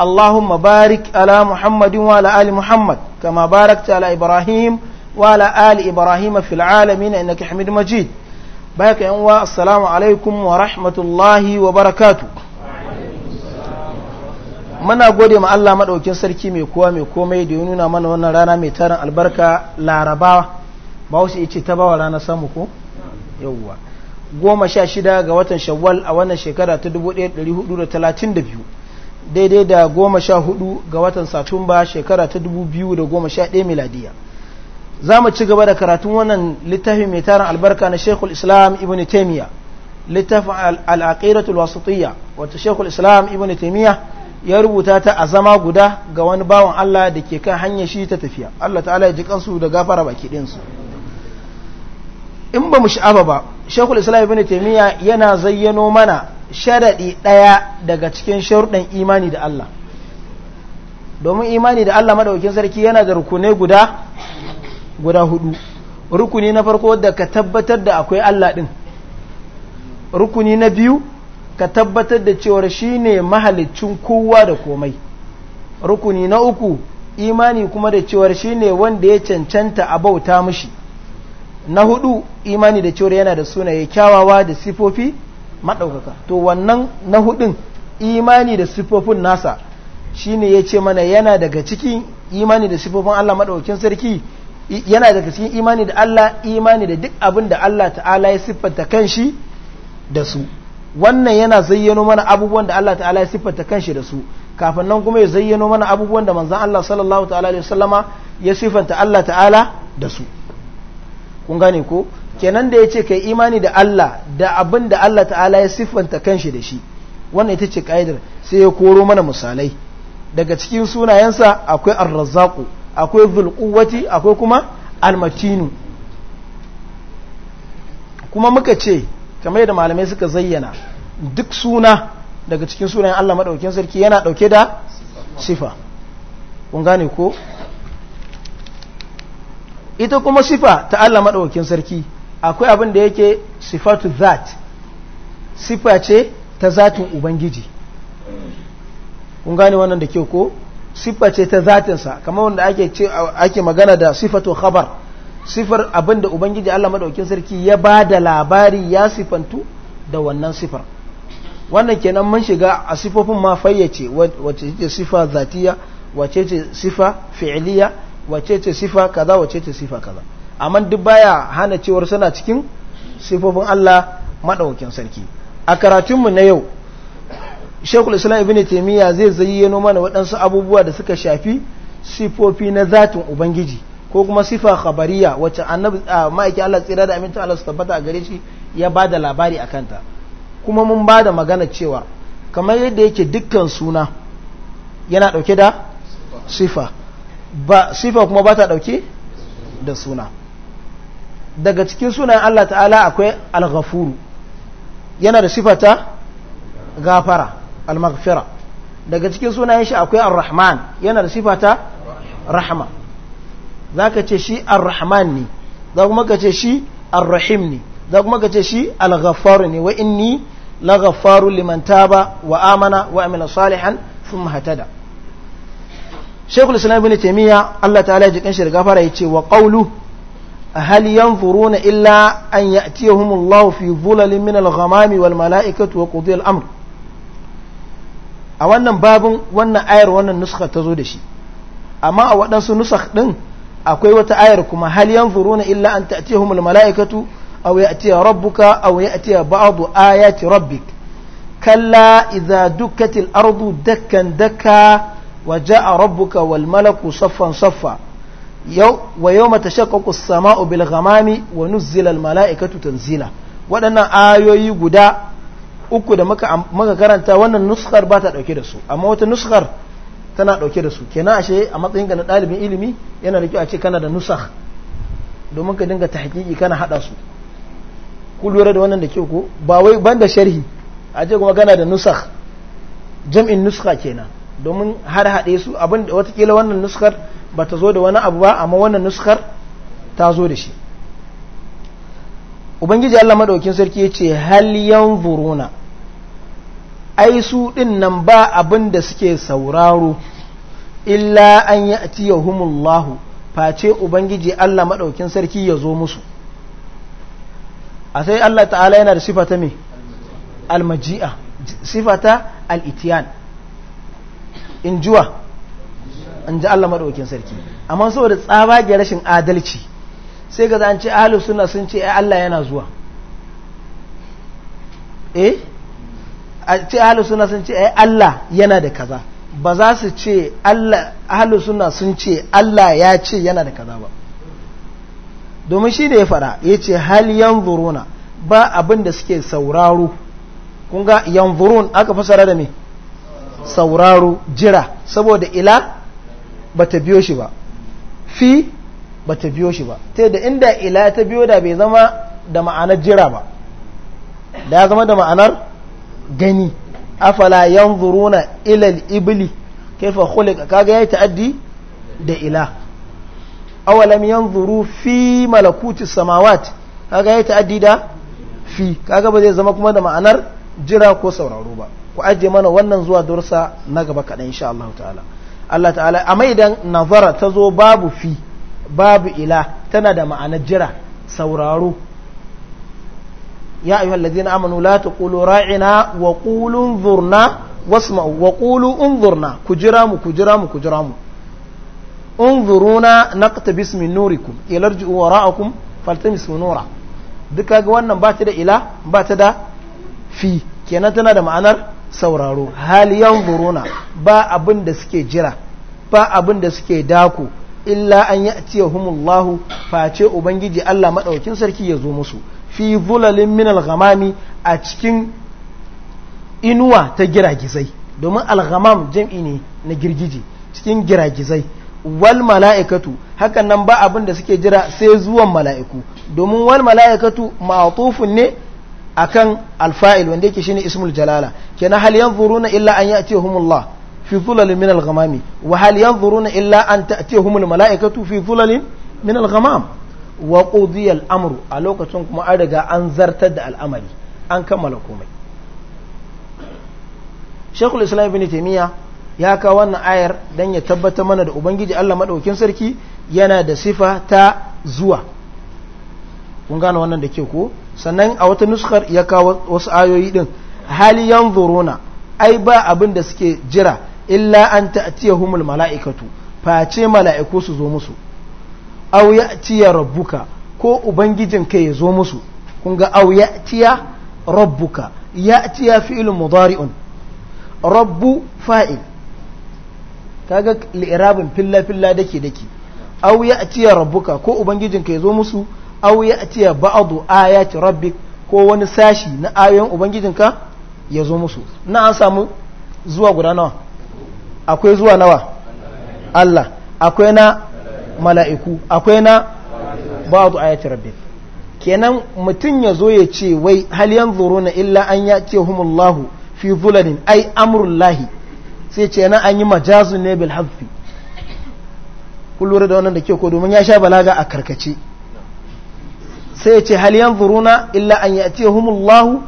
اللهم بارك على محمد وعلى آل محمد كما باركت على إبراهيم وعلى آل إبراهيم في العالمين إنك حميد مجيد باك أنواء السلام عليكم ورحمة الله وبركاته muna gode ma Allah maɗaukin sarki mai kowa mai komai da ya nuna mana wannan rana mai tarin albarka laraba ba wasu ce ta bawa rana samu ko yawwa goma sha shida ga watan shawwal a wannan shekara ta 1432 daidai da goma sha hudu ga watan satumba shekara ta dubu biyu da goma sha ɗaya miladiya za mu ci gaba da karatun wannan littafin mai tarin albarka na shekul islam ibn taimiyya littafin al'aƙiratul wasatiyya wata shekul islam ibn taimiyya ya rubuta ta a zama guda ga wani bawan allah da ke kan hanyar shi ta tafiya allah ta'ala ya ji kansu da gafara baki ɗinsu in ba mu sha'aba ba shekul islam ibn taimiyya yana zayyano mana sharaɗi ɗaya daga cikin sharuɗan imani da Allah domin imani da Allah maɗaukin sarki yana da rukuni guda guda hudu rukuni na farko da ka tabbatar da akwai Allah ɗin rukuni na biyu ka tabbatar da cewar shi ne mahalicin kowa da komai rukuni na uku imani kuma da cewar shi ne wanda ya cancanta a bauta mushi na hudu imani da cewar yana da sunaye kyawawa da sifofi maɗaukaka to wannan na hudun imani da siffofin nasa shine ya ce mana yana daga cikin imani da siffofin Allah maɗaukin sarki yana daga cikin imani da Allah imani da duk abin da Allah ta'ala ya siffanta kanshi da su wannan yana zayyano mana abubuwan da Allah ta'ala ya siffanta kanshi da su kafin nan kuma ya zayyano mana abubuwan da manzon Allah sallallahu ta'ala ya siffanta Allah ta'ala da su kun gane ko kenan da ya ce kai imani da Allah da abin da Allah ta'ala ya siffanta kanshi da shi wannan ita ce ka'idar sai ya koro mana misalai daga cikin sunayensa akwai arrazaku akwai zulkuwati akwai kuma almatinu kuma muka ce kamar yadda malamai suka zayyana duk suna daga cikin sunayen Allah maɗaukin sarki yana ɗauke da sifa kun gane ko ita kuma sifa ta Allah maɗaukin sarki akwai abin da yake sifatu zat sifa ce ta zatin ubangiji kun gane wannan da kyau ko sifa ce ta zatinsa kamar wanda ake ce ake magana da sifatu khabar sifar abin da ubangiji Allah madaukin sarki ya ba da labari ya sifantu da wannan sifar wannan kenan mun shiga a sifofin ma fayyace wace ce sifa zatiya wace ce sifa fi'liya wace ce sifa kaza wace ce sifa kaza amma duk baya hana cewar suna cikin sifofin Allah maɗaukin sarki a karatunmu na yau Sheikhul islam ibn Taymiyyah zai zayyano mana waɗansu abubuwa da suka shafi sifofi na zatin ubangiji ko kuma sifa khabariya wacce annabi maiki Allah tsira da aminta Allah su tabbata a gare shi ya ba da labari a kanta kuma mun bada magana cewa kamar yadda yake dukkan suna yana ɗauke da sifa ba sifa kuma ba ta ɗauke da suna daga cikin sunan Allah ta'ala akwai al-ghafuru yana da sifata gafara al-maghfira daga cikin sunayen shi akwai ar-rahman yana da sifata rahma zaka ce shi ar-rahman ne za kuma ka ce shi ar-rahim ne za kuma ka ce shi al ghafaru ne wa inni la ghafaru liman taba wa amana wa amila salihan thumma hatada shaykhul islam ibn taymiya Allah ta'ala ya kan shi da gafara yace wa qawlu هل ينظرون إلا أن يأتيهم الله في ظلل من الغمام والملائكة وقضي الأمر a wannan babin ayar wannan nuskha ta zo da shi amma a waɗansu nusakh ɗin akwai wata ayar kuma hal yanzuruna illa an ta'tiyahumul mala'ikatu aw ya'tiya rabbuka aw ya'tiya ba'du ayati rabbik kalla idza dukkatil arbu dakan dakka wa ja'a rabbuka wal malaku saffan saffa wa yau mata shakkaku sama obil gamami wa nuzilal mala'ikatu tanzila waɗannan ayoyi guda uku da muka karanta wannan nuskar ba ta ɗauke da su amma wata nuskar tana ɗauke da su kenan ashe a matsayin ga na ɗalibin ilimi yana da kyau a ce kana da nusar. domin ka dinga ta haƙiƙi kana haɗa su ku lura da wannan da kyau ko ba wai da sharhi a ce kuma kana da nusar jam'in nuskha kenan domin har haɗe su abin da watakila wannan nuskar ba ta zo da wani abu ba amma wannan nuskar ta zo da shi ubangiji Allah madaukin sarki ya ce hal yanzuruna ai su din nan ba abin da suke sauraro illa an ya'tiyahumullahu face ubangiji Allah madaukin sarki ya zo musu a sai Allah ta'ala yana da sifata me almaji'a sifata al injuwa in ji Allah maɗaukin sarki amma saboda tsaba tsabagen rashin adalci sai ga an ce ahalus suna sun ce Allah yana zuwa eh a ce ahalus suna sun ce Allah yana da kaza ba za su ce ahalus suna sun ce Allah ya ce yana da kaza ba domin shi da ya fara ya ce hal yanzuruna ba abin da suke sauraro kun ga yanzurun aka fasara da me sauraro jira saboda ila ba ta biyo shi ba fi ba ta biyo shi ba ta da inda ila ta biyo da bai zama da ma'anar jira ba da ya zama da ma'anar gani afala yanzuruna zuruna ilal ibili kaifa a kaga yi ta'addi da ila awalam zuru fi malakuti samawat kaga yi ta'addi da fi kaga ba zai zama kuma da ma'anar jira ko sauraro ba ku ajiye mana wannan zuwa dursa na gaba kaɗan insha Allah ta'ala Allah ta'ala amma idan nazara ta zo babu fi babu ila tana da ma'anar jira sauraro ya ayyuhal ladina amanu la taqulu ra'ina wa qulu unzurna wasma'u wa qulu unzurna ku jira mu ku jira mu ku jira mu unzuruna naqta bismi nurikum ilarju wara'akum faltamis nura duka ga wannan ba ta da ila ba ta da fi kenan tana da ma'anar sauraro hal yanzuruna ba abin da suke jira ba abin da suke dako illa an humullahu face ubangiji Allah maɗaukin sarki ya zo musu fi zulalin min alghamami a cikin inuwa ta giragizai domin alghamam jam'i ne na girgije cikin giragizai wal mala'ikatu hakan nan ba abin da suke jira sai zuwan mala'iku domin wal mala'ikatu ma'atufun ne akan alfa'il wanda yake shine ismul jalala kenan hal yanzuruna illa an ya'tihumullah fi dhulalin min al-ghamami wa hal yanzuruna illa an ta'tihumul mala'ikatu fi dhulalin min al-ghamam wa qudiya al-amru a lokacin kuma an riga an zartar da al'amari an kammala komai Sheikhul Islam Ibn Taymiyyah ya kawo wannan ayar dan ya tabbatar mana da ubangiji Allah madaukin sarki yana da sifa ta zuwa kun gane wannan da ke ko sannan a wata nuskar ya kawo wasu ayoyi din hali zorona ai ba abin da suke jira illa an humul mala'ikatu face mala'iku su zo musu aw ya'tiya rabbuka ko ubangijin kai ya zo musu kun ga aw ya'tiya rabbuka ya'tiya fi'lun mudari'un rabbu fa'il kaga li'irabin filla filla dake dake aw ya'tiya rabbuka ko ubangijin kai ya zo musu aw ya'tiya ba'du ayati rabbik ko wani sashi na ayoyin ubangijinka ya zo musu na an samu zuwa guda nawa akwai zuwa nawa Allah akwai na mala'iku akwai na ba'du ayati rabbik kenan mutum ya zo ya ce wai hal yanzuruna illa an ya'tihumullahu fi zulalin ai amrullahi sai ce na an yi majazun ne bil hafi kullum da wannan da ke ko domin ya sha balaga a karkace sai ya ce hal yanzuruna illa an ya'tihumullahu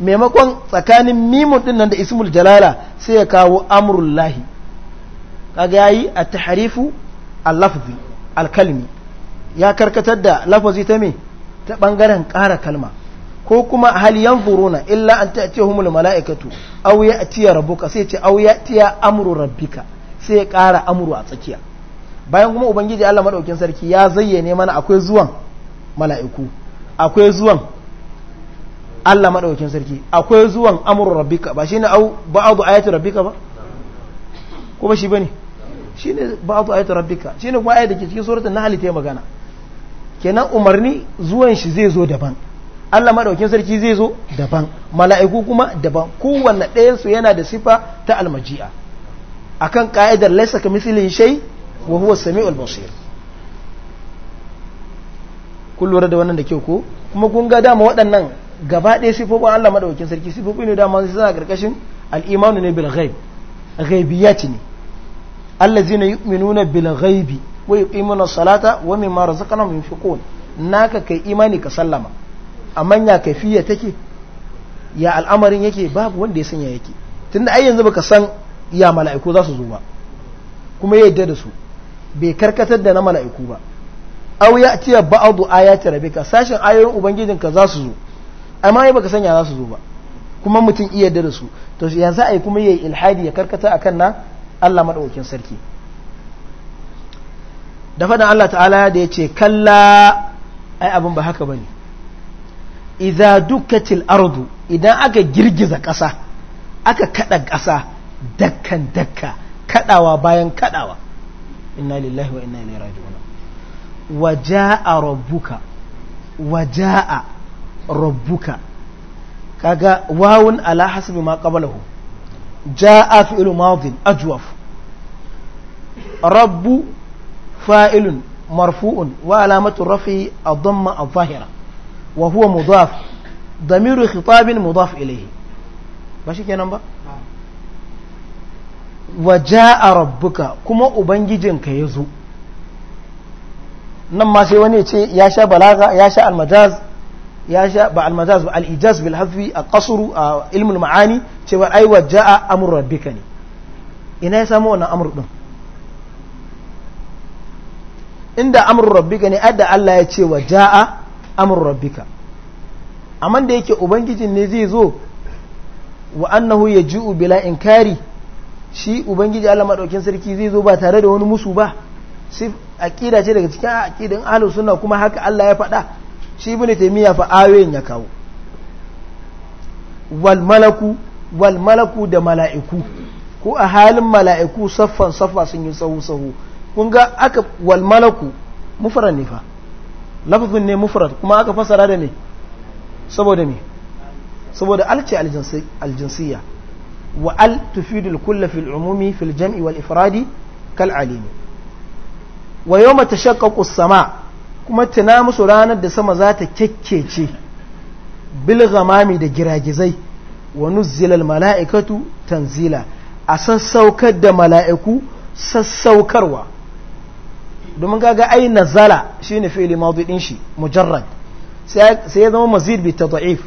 maimakon tsakanin mimun din nan da ismul jalala sai ya kawo lahi kaga yayi at-tahrifu al-lafzi al-kalmi ya karkatar da lafazi ta me ta bangaren ƙara kalma ko kuma hal yanzuruna illa an ta'tihumul mala'ikatu aw ya'tiya rabbuka sai ce aw ya'tiya amru rabbika sai ya ƙara amru a tsakiya bayan kuma ubangiji Allah madaukin sarki ya zayyane mana akwai zuwan mala'iku akwai zuwan Allah maɗaukin sarki akwai zuwan amurin rabbika ba shi ne ba'adu ayatun rabbika ba ko ba shi ba ne shi ne ba'adu ayatun rabbika shi ne kuma ayat da ke cikin suratun na halitta ya magana kenan umarni zuwan shi zai zo daban Allah maɗaukin sarki zai zo daban mala'iku kuma daban kowanne ɗayansu yana da sifa ta almaji'a akan ka'idar laisa ka misilin shai wa huwa sami'ul basir kun lura da wannan da kyau ko kuma kun ga dama waɗannan gaba ɗaya sifofin Allah madaukakin sarki sifofi ne dama su suna karkashin al ne bil ghaib ghaibiyat ne allazina yu'minuna bil ghaibi wa yuqimuna salata wa mimma razaqnahum yunfiqun naka kai imani ka sallama amma ya kafiya take ya al'amarin yake babu wanda ya sanya yake tunda ai yanzu baka san ya mala'iku za su zo ba kuma ya yadda da su bai karkatar da na mala'iku ba aw aya ba'du ayati rabbika sashin ayoyin ubangijinka za su zo amma ai baka sanya za su zo ba kuma mutum iya da su to ya za a yi kuma yayi ilhadi ya karkata akan na Allah madaukakin sarki da faɗin Allah ta'ala da ya ce kalla ai abin ba haka bane idza dukatil ardu idan aka girgiza ƙasa aka kada ƙasa dakkan dakka kadawa bayan kadawa inna lillahi wa inna ilaihi raji'un waja'a rabbuka waja'a rabbuka kaga wawun ala hasbi ma qablahu ja'a fi'lu madin ajwaf rabbu fa'ilun marfu'un wa alamatu rafi ad-damma adh-dhahira wa huwa mudaf ضمير خطاب مضاف إليه ماشي kenan ba waja'a rabbuka kuma ubangijinka yazo nan ma sai wani ce ya sha balaga ya sha almajaz ya sha ba almajaz ba alijaz bil hafi a kasuru a ilmin ma'ani ce ai waja'a amr rabbika ne ina ya samu wannan amur din inda amr rabbika ne adda Allah ya ce waja'a amr rabbika amma da yake ubangijin ne zai zo wa annahu yaji'u bila inkari shi ubangiji Allah madaukin sarki zai zo ba tare da wani musu ba aqida ce daga cikin aqidin ahlus sunna kuma haka Allah ya faɗa shi ibn taymiya fa ayoyin ya kawo wal malaku wal malaku da mala'iku ko a halin mala'iku saffan saffa sun yi sahu sahu kun ga aka wal malaku mufrad ne fa lafazin ne mufrad kuma aka fasara da ne saboda ne saboda alci aljinsiyya wa al tufidul kullu fil umumi fil jam'i wal ifradi kal alimi wa yau mata shakakus sama kuma tuna musu ranar da sama za ta kyakkece bilgamami da giragizai wa nuzzilal mala'ikatu tanzila a sassaukar da mala'iku sassaukarwa domin gaga ai nazala shine ne fi'ili din shi mujarrad sai ya zama mazid bi tad'if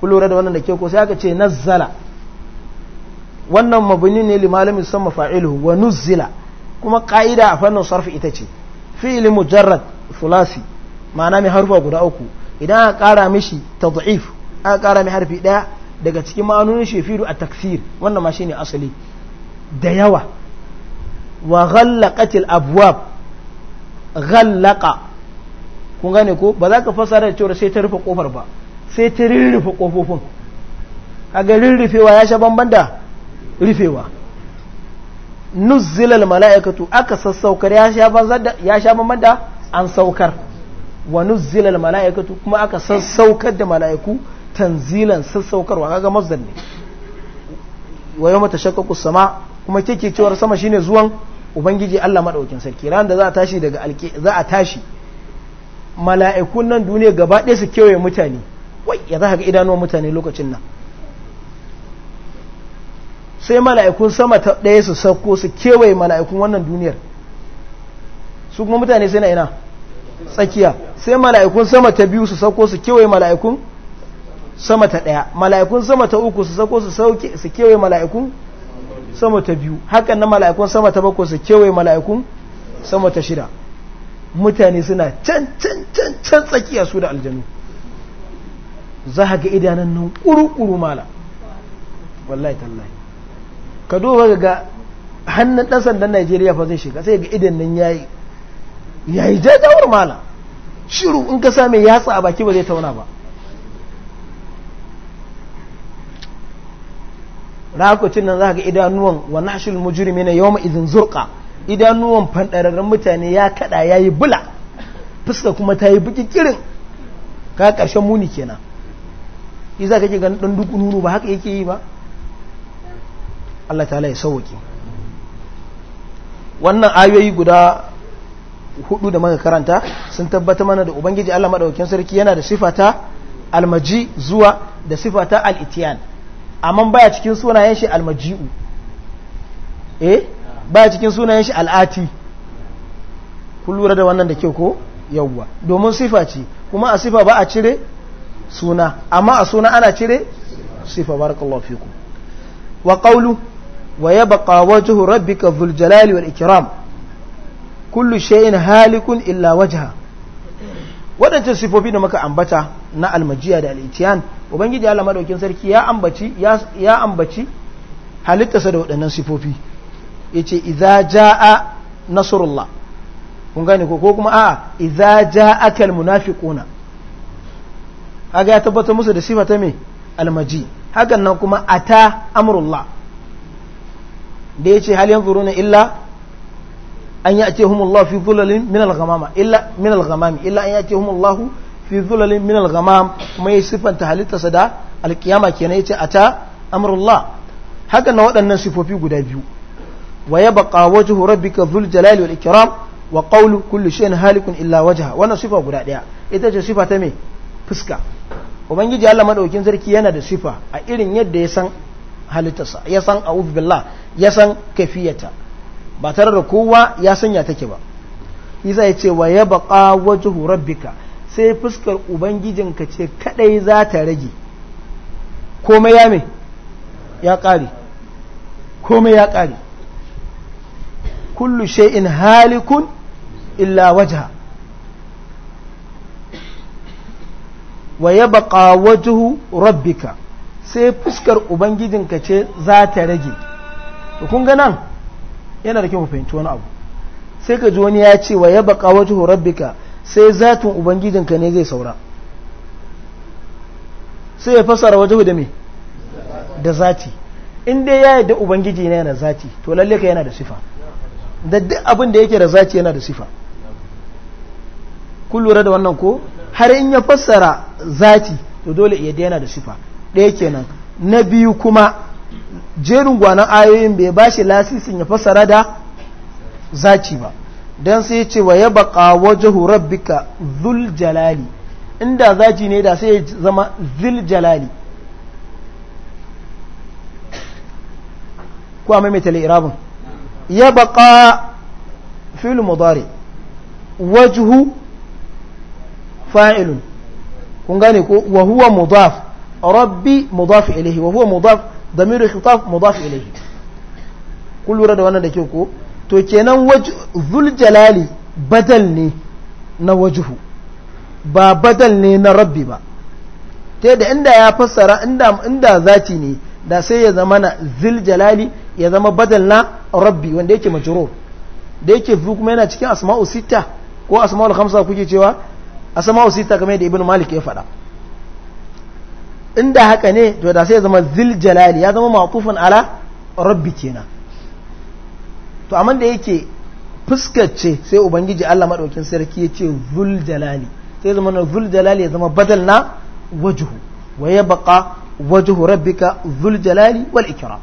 ku lura da wannan da ke ko sai aka ce nazala wannan bani ne li malamin sama fa'iluhu wa nuzzila kuma ƙa'ida a fannin sarfi ita ce fili mujarrad thulasi ma'ana mai harfa guda uku idan aka kara mishi tad'if aka ƙara mai harfi ɗaya daga cikin ma'anonin shafiru a taksir wannan ma ne asali da yawa wa ghallaqatil abwab ghallaqa kun gane ko ba za ka fasara da cewa sai ta rufe kofar ba sai ta rirrufe kofofin kaga rirrufewa ya sha bamban da rufewa nuzzilal mala'ikatu aka sassaukar ya sha bamban da an saukar wa nuzzilal mala'ikatu kuma aka sassaukar da mala'iku tanzilan sassaukarwa kaga mazdan ne wa yau mata shakkaku sama kuma kike cewar sama shine zuwan ubangiji Allah madaukin sarki ran da za a tashi daga alke za a tashi mala'ikun nan duniya gaba ɗaya su kewaye mutane wai ya za ka ga idanuwan mutane lokacin nan sai mala'ikun sama ta ɗaya su sauko su kewaye mala'ikun wannan duniyar su kuma mutane sai na ina tsakiya sai mala'ikun sama ta biyu su sauko su kewaye mala'ikun sama ta ɗaya mala'ikun sama ta uku su sauko su sauke su kewaye mala'ikun sama ta biyu hakan na mala'ikun sama ta bako su kewaye mala'ikun sama ta shida mutane suna can can can can tsakiya su da aljanu za ga idanun nan ƙuru-ƙuru mala wallahi tallahi ka duba ga hannun ɗan sandan najeriya fa zai shiga sai ga idan nan yayi yayi jajawar mala shiru in ka same yatsa a baki ba zai tauna ba rakocin nan za ka ga idanuwan wa nashil mujrimi na yawma izin zurqa idanuwan fandararran mutane ya kada yayi bula fuska kuma ta yi biki ka karshen muni kenan iza kake ganin dan duk ba haka yake yi ba Allah ta ya sauwaki wannan ayoyi guda hudu da maka karanta sun tabbata mana da ubangiji Allah maɗaukin sarki yana da sifata almaji zuwa da sifata al-itiyan amma baya cikin sunayen shi almaji'u eh baya cikin sunayen shi al'ati ku lura da wannan da kyau ko yawwa domin sifa ce kuma a sifa ba a cire suna amma a suna ana cire sifa barakallahu fikum wa qawlu ويبقى وجه ربك ذو الجلال والإكرام كل شيء هالك إلا وجهه waɗancan sifofi da muka ambata na almajiya da al'itiyan ubangiji Allah madaukin sarki ya ambaci ya ambaci halittarsa da waɗannan sifofi yace idza jaa nasrullah kun gane ko kuma a'a idza jaaka almunafiquna kaga ya tabbata musu da sifa ta me almaji hakan nan kuma ata amrullah da ya ce hal yanzuru na illa an yi ake humullah fi zulalin minal gamama illa illa an yi ake humullah fi zulalin minal gamam kuma ya siffanta halittarsa da alkiyama kenan ya ce a ta amurullah haka na waɗannan sifofi guda biyu wa ya baƙa wajen rabbika zul jalali wal ikram wa qawlu kullu shay'in halikun illa wajha wannan sifa guda ɗaya ita ce sifa ta mai fuska ubangiji Allah madaukin sarki yana da sifa a irin yadda ya san halittarsa ya san a'udhu billah ya san kafiyata ba tare da kowa ya sanya take ba isa ya ce wa ya baqa wajhu rabbika sai fuskar ubangijinka ce kadai za ta rage komai ya me ya kare komai ya kare kullu shay'in halikun illa wajha wa ya baqa wajhu rabbika sai fuskar ubangijinka ce za ta rage to kun ga nan yana da kyau fahimci wani abu sai ka ji wani ya ce wa ya baka wajhu rabbika sai zatin ubangijinka ne zai saura sai ya fasara wajhu da me da zati in dai ya yadda ubangiji ne yana zati to lalle ka yana da sifa da duk abin da yake da zati yana da sifa kun lura da wannan ko har in ya fassara zati to dole iya yana da sifa ɗaya kenan na biyu kuma jerin gwanon ayoyin bai ba shi lasisin ya fasara da zaci ba don sai ce wa ya baka wajahu bika zul jalali inda zaci ne da sai ya zama zil jalali kuwa mai mai irabin ya baka fil mudari wajuhu fa'ilun kun gane ko wa huwa mudaf rabbi mudaf ilaihi wa huwa mudaf damiru khitaf mudaf ilaihi kun lura da wannan da ke ko to kenan zul jalali badal ne na ba badal ne na rabbi ba ta yadda inda ya fassara inda inda zati ne da sai ya zama na zil jalali ya zama badal na rabbi wanda yake majrur da yake zu kuma yana cikin asma'u sita ko asma'ul khamsa kuke cewa asma'u sita kamar da ibnu malik ya faɗa inda haka ne to da sai ya zama zil jalali ya zama matufin ala rabbi kenan to amma da yake fuskace sai ubangiji Allah madaukin sarki ya ce zul jalali sai zama na zul jalali ya zama badal na wajhu wa ya baqa wajhu rabbika zul jalali wal ikram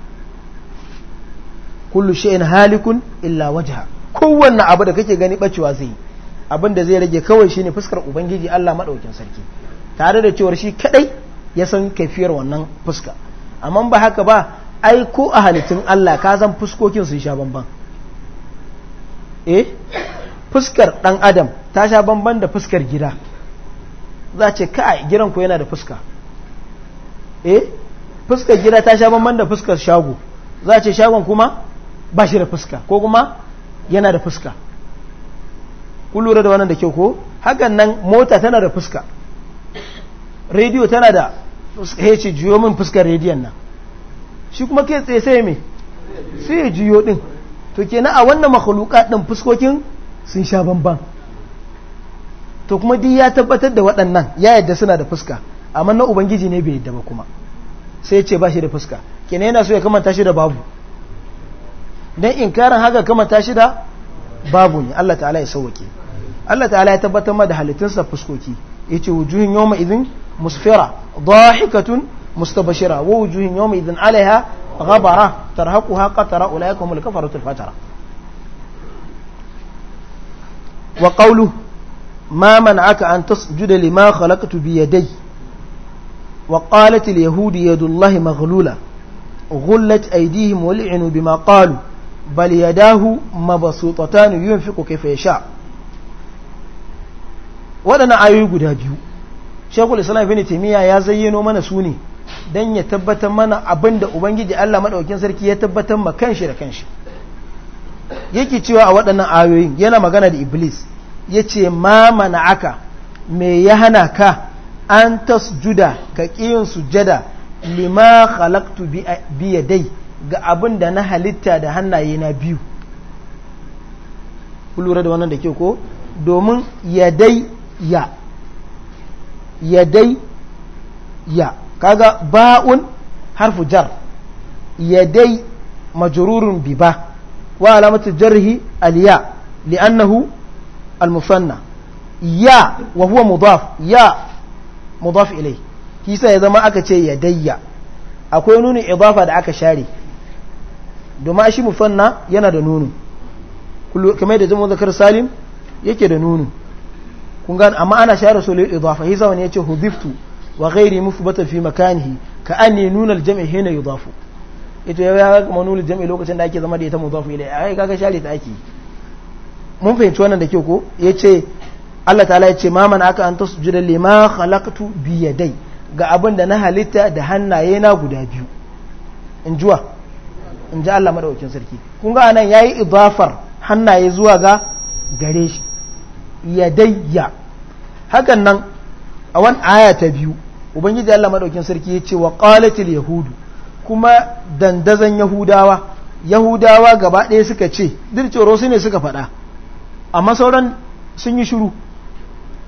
kullu shay'in halikun illa wajha kowanne abu da kake gani bacewa zai abinda zai rage kawai shine fuskar ubangiji Allah madaukin sarki tare da cewar shi kadai ya san kaifiyar wannan fuska amma ba haka ba ai ko a halittun Allah ka zan fuskokin sun sha bamban eh fuskar dan adam ta sha bamban da fuskar gida za ce kai gidan ku yana da fuska eh fuskar gida ta sha bamban da fuskar shago za ce shagon kuma ba shi da fuska ko kuma yana da fuska ku lura da wannan da kyau ko hakan nan mota tana da fuska rediyo tana da ya ce juyo min fuskar rediyon nan shi kuma ke tsaye sai mai sai ya juyo din to kenan a wannan makhluka din fuskokin sun sha banban to kuma duk ya tabbatar da waɗannan ya yadda suna da fuska amma na ubangiji ne bai yadda ba kuma sai ya ce ba shi da fuska kenan yana so ya kamanta shi da babu dan inkarin haka kamanta shi da babu ne Allah ta'ala ya sauke Allah ta'ala ya tabbatar ma da halittunsa fuskoki yace wujuhin yawma idhin musfira ضاحكة مستبشرة ووجوه يومئذ عليها غبرة ترهقها قترة أولئك هم الكفرة الفجرة وقوله ما منعك أن تسجد لما خلقت بيدي وقالت اليهود يد الله مغلولة غلت أيديهم ولعنوا بما قالوا بل يداه مبسوطتان ينفق كيف يشاء ولنا آيوه قد shekul islam bin timiya ya zayyano mana su ne dan ya tabbatar mana abinda ubangiji Allah maɗaukin sarki ya tabbatar ma kanshi da kanshi yake cewa a waɗannan ayoyin yana magana da iblis ya ce ma aka me ya hana ka an juda ka su sujada lima halaktu biya dai ga abin da na halitta da hannaye na biyu ku da wannan da ke ko domin ya dai ya yadai ya kaga ba'un harfu jar yadai majrurun bi ba wa alamatu jarhi aliya li'annahu al-musanna ya wa huwa mudaf ya mudaf ilai kisa ya zama aka ce yadayya akwai nuni idafa da aka share domin shi musanna yana da nunu kamar da zama zakar salim yake da nunu kun gano amma ana share su lil idafa hisa wani ce hudiftu wa ghairi mufbata fi makanihi ka an anni nuna jam'i hina yudafu ita ya ga nunar jam'i lokacin da ake zama da ita mudafu ilai ai kaga share ta ake mun fahimci wannan da kyau ko ya ce. Allah ta'ala yace ma man aka an sujuda lima khalaqtu bi dai ga abin da na halitta da hannaye na guda biyu in juwa in ji Allah madaukakin sarki kun ga ya yi idafar hannaye zuwa ga gare shi yadayya hakan nan a wani aya ta biyu ubangiji Allah madaukin sarki ya ce wa qalatil yahudu kuma dandazan yahudawa yahudawa gaba ɗaya suka ce dircoro su ne suka faɗa amma sauran sun yi shiru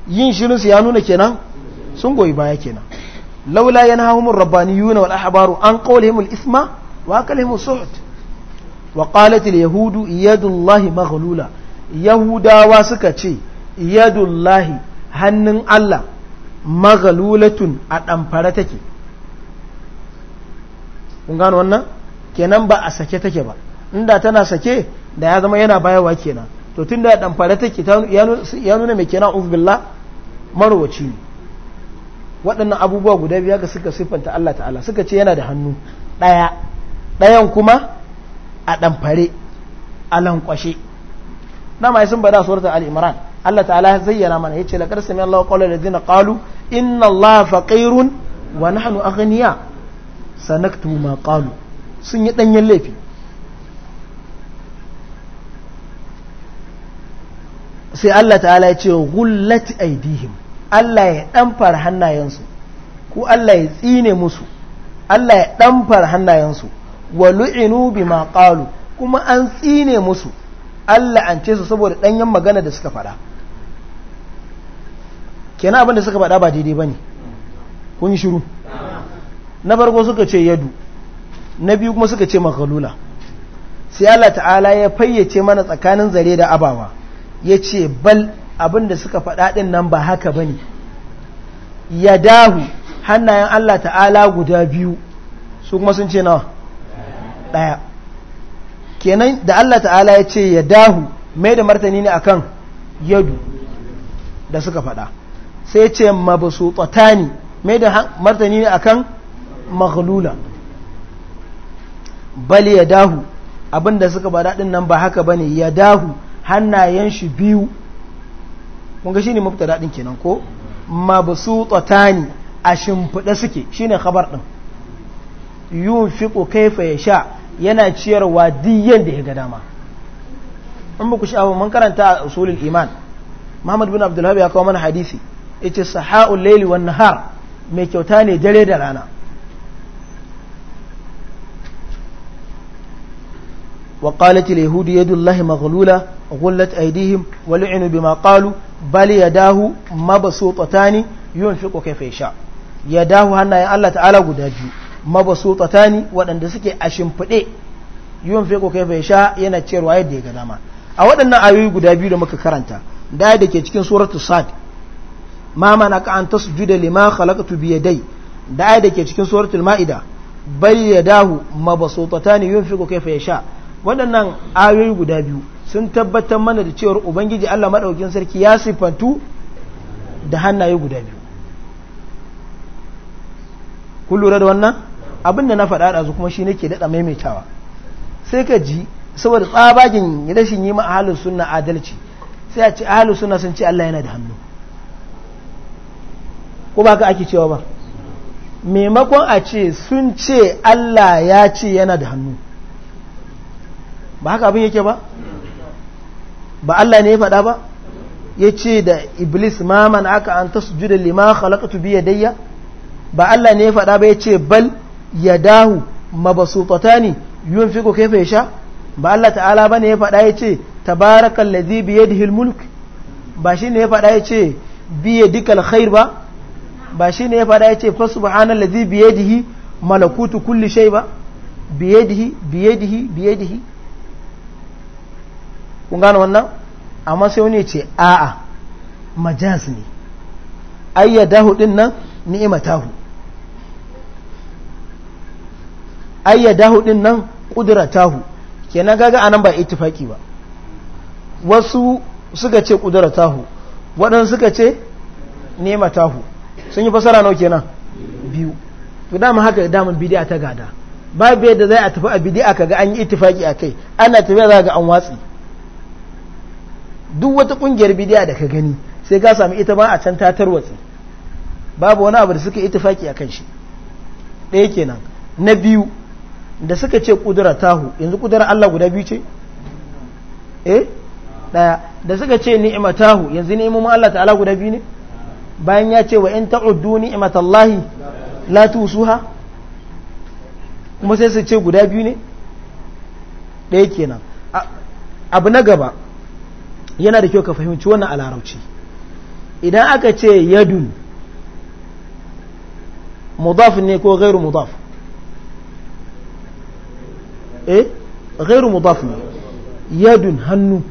yin shirinsu ya nuna kenan sun goyi baya kenan laula yanhahumur rabbaniyuna wal ahbaru an qawlihimul isma wa aqalihimul suhd wa qalatil yahud yahudu yadullahi maghlula yahudawa suka ce yadullahi hannun Allah magalulatun a ɗamfara take kun gano wannan kenan ba a sake take ba inda tana sake da ya zama yana bayawa kenan to tun da ɗamfara take ya nuna mai kenan uzbillah marwaci ne waɗannan abubuwa guda biya ga suka siffanta Allah ta'ala suka ce yana da hannu ɗaya ɗayan kuma a ɗamfare a lankwashe yi sun bada a al-imran Allah ta'ala zayyana mana yace la sami Allah qala alladhina qalu inna Allah faqirun wa nahnu aghniya sanaktu ma qalu sun yi danyen laifi sai Allah ta'ala ya ce gullat aidihim Allah ya ɗanfar hannayensu ko Allah ya tsine musu Allah ya ɗanfar hannayensu wa lu'inu bima qalu kuma an tsine musu Allah an ce su saboda ɗanyen magana da suka fara. kenan abinda suka faɗa ba daidai ba ne kun yi shiru na farko suka ce yadu na biyu kuma suka ce makalula sai Allah ta'ala ya fayyace mana tsakanin zare da abawa ya ce bal abinda suka faɗa ɗin nan ba haka ba ne ya dahu hannayen Allah ta'ala guda biyu su kuma sun ce nawa ɗaya kenan da Allah ta'ala ya ce ya dahu mai da martani ne akan yadu da suka faɗa sai ce mabsutatani mai da martani ne akan maghlula bal ya dahu abinda suka ba daɗin nan ba haka bane ya dahu hannayen shi biyu kun ga shine mafita daɗin kenan ko mabsutatani a shimfiɗa suke shine khabar din yunfiqu kaifa sha yana ciyarwa diyan da ya ga dama in ba ku sha'awa mun karanta usulul iman Muhammad bin Abdullah ya kawo mana hadisi ita sahau laili wa nahar mai kyauta ne dare da rana wa qalat al yahudi yadullahi maghlula wa qullat aydihim wa lu'inu bima qalu bal yadahu mabsuṭatani yunfiqu kayfa yasha yadahu hanna ya Allah ta'ala guda biyu mabsuṭatani wadanda suke a shimfide yunfiqu kayfa yasha yana cewa yadda ya ga dama a wadannan ayoyi guda biyu da muka karanta da yake cikin suratul sad ma ka an tasjuda lima khalaqtu bi dai da ayat ke cikin suratul maida bal yadahu mabsutatan yunfiqu kayfa yasha waɗannan ayoyi guda biyu sun tabbatar mana da cewar ubangiji Allah madaukakin sarki ya sifantu da hannaye guda biyu kun lura da wannan abin da na faɗa ɗazu kuma shi nake daɗa maimaitawa sai ka ji saboda tsabagin rashin yi ma ahalin sunna adalci sai a ce ahalin suna sun ce Allah yana da hannu ko ba ka ake cewa ba maimakon a ce sun ce Allah ya ce yana da hannu ba haka abin yake ba ba Allah ne ya faɗa ba ya ce da iblis maman aka an ta da lima khalaqatu biya daya ba Allah ne ya faɗa ba ya ce bal ya ni mabsutatani fiko kayfa sha ba Allah ta'ala ba ne ya faɗa ya ce tabarakal lazi bi da mulk ba shi ne ya faɗa ya ce biya dukkan khair ba ba shi ne ya fada ya ce fa subhanal ladhi bi yadihi malakutu kulli shay ba biye yadihi bi yadihi bi yadihi kun gane wannan amma sai wani ya ce a'a majaz ne ayyadahu din nan ni'matahu ayyadahu din nan qudratahu kenan gaga anan ba ittifaki ba wasu suka ce qudratahu waɗansu suka ce ni'matahu sun yi fasara nau kenan biyu to dama haka damar bidiya ta gada babu yadda zai a tafi a ka ga an yi itifaki a kai ana tafiya za ga an watsi duk wata kungiyar bidiya da ka gani sai ka sami ita ba a can ta tarwatsi babu wani abu da suka itifaki a kan shi ɗaya kenan na biyu da suka ce kudura tahu yanzu kudura Allah guda biyu ce eh ɗaya da suka ce ni'ima tahu yanzu ni'imomin Allah ta'ala guda biyu ne bayan ya ce wa in ta'uddu ni'matallahi la tusuha kuma sai su ce guda biyu ne ɗaya kenan abu na gaba yana da kyau ka fahimci wannan a larauci idan aka ce yadun mudaf ne ko gairu mudaf eh gairu mudaf ne yadun hannu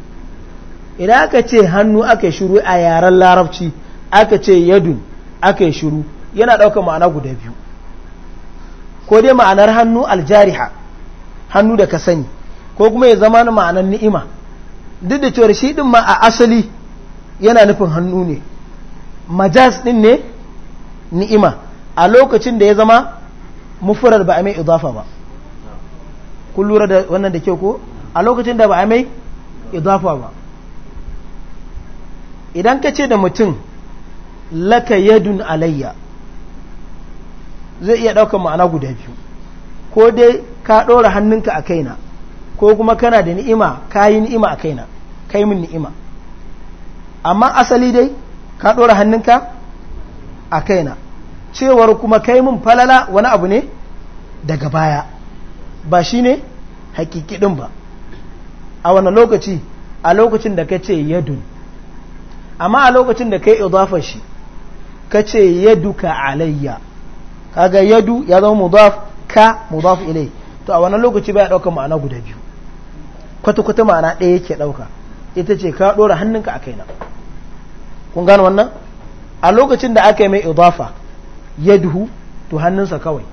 idan aka ce hannu aka shiru a yaren larabci aka ce yadun aka yi shiru yana ɗaukar ma'ana guda biyu ko dai ma'anar hannu aljariha hannu da ka sani ko kuma ya zama ma'anar ni'ima duk da cewar shi ɗin ma a asali yana nufin hannu ne majas ɗin ne ni'ima a lokacin da ya zama mufurar ba a mai idafa ba kun lura da wannan da kyau ko a lokacin da ba a mai idafa ba idan ka ce da mutum laka yadun alayya zai iya ɗaukar ma'ana guda biyu ko dai ka ɗora hannunka a kaina ko kuma kana da ni'ima ka yi ni'ima a kaina kai min ni'ima amma asali dai ka ɗora hannunka a kaina cewar kuma kai min falala wani abu ne daga baya ba shi ne hakikidin ba a wani lokaci a lokacin da ka ce yadun amma a lokacin da ka yi shi kace yaduka alayya kaga yadu ya zama mudaf ka mudaf ilai to a wannan lokaci baya ɗauka ma'ana guda biyu kwata kwata ma'ana ɗaya yake dauka ita ce ka dora hannunka a kaina kun gane wannan a lokacin da aka yi mai idafa yaduhu to hannunsa kawai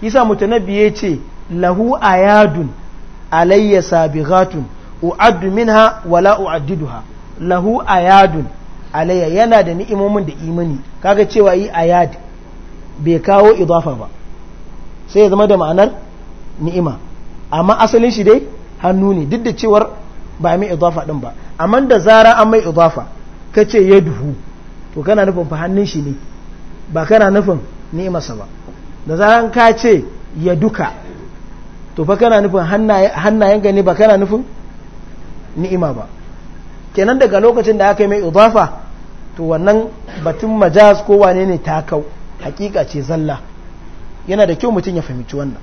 kisa mutanabbi ya ce lahu a ayadun alayya sabighatun u'addu minha wala u'addiduha lahu a ayadun alayya yana da ni'imomin da imani kaga cewa yi ayad bai kawo idafa ba sai ya zama da ma'anar ni'ima amma asalin shi dai hannu ne duk da cewar ba mai idafa din ba amma da zara an mai idafa kace ya duhu to kana nufin fa hannun shi ne ba kana nufin ni'imarsa ba da zaran ka ce ya duka to fa kana nufin hannayen gani ba kana nufin ni'ima ba kenan daga lokacin da aka yi mai idafa to wannan batun majaz ko wane ne ta kau hakika ce zalla yana da kyau mutum ya fahimci wannan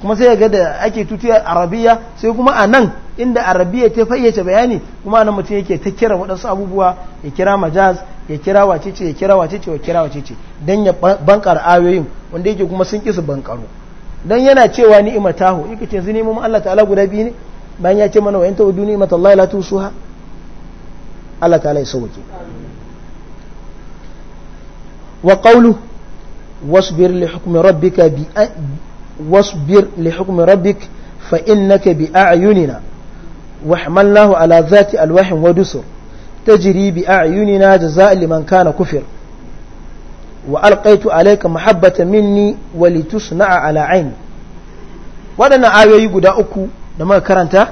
kuma sai ga da ake tutiyar arabiya sai kuma a nan inda arabiya ta fayyace bayani kuma a nan mutum yake ta kira waɗansu abubuwa ya kira majaz ya kira wacece ya kira wacece ya kira wacece don ya bankar ayoyin wanda yake kuma sun kisa bankaro don yana cewa ni'ima taho yake ce zini mun Allah ta'ala guda biyu ne bayan ya ce mana wa ta'udu wa duniya matallahi latu suha Allah ta'ala ya sauke وقوله واصبر لحكم ربك بأ... واصبر لحكم ربك فإنك بأعيننا وحملناه على ذات ألواح ودسر تجري بأعيننا جزاء لمن كان كفر وألقيت عليك محبة مني ولتصنع على عيني waɗannan ayoyi guda uku da maka karanta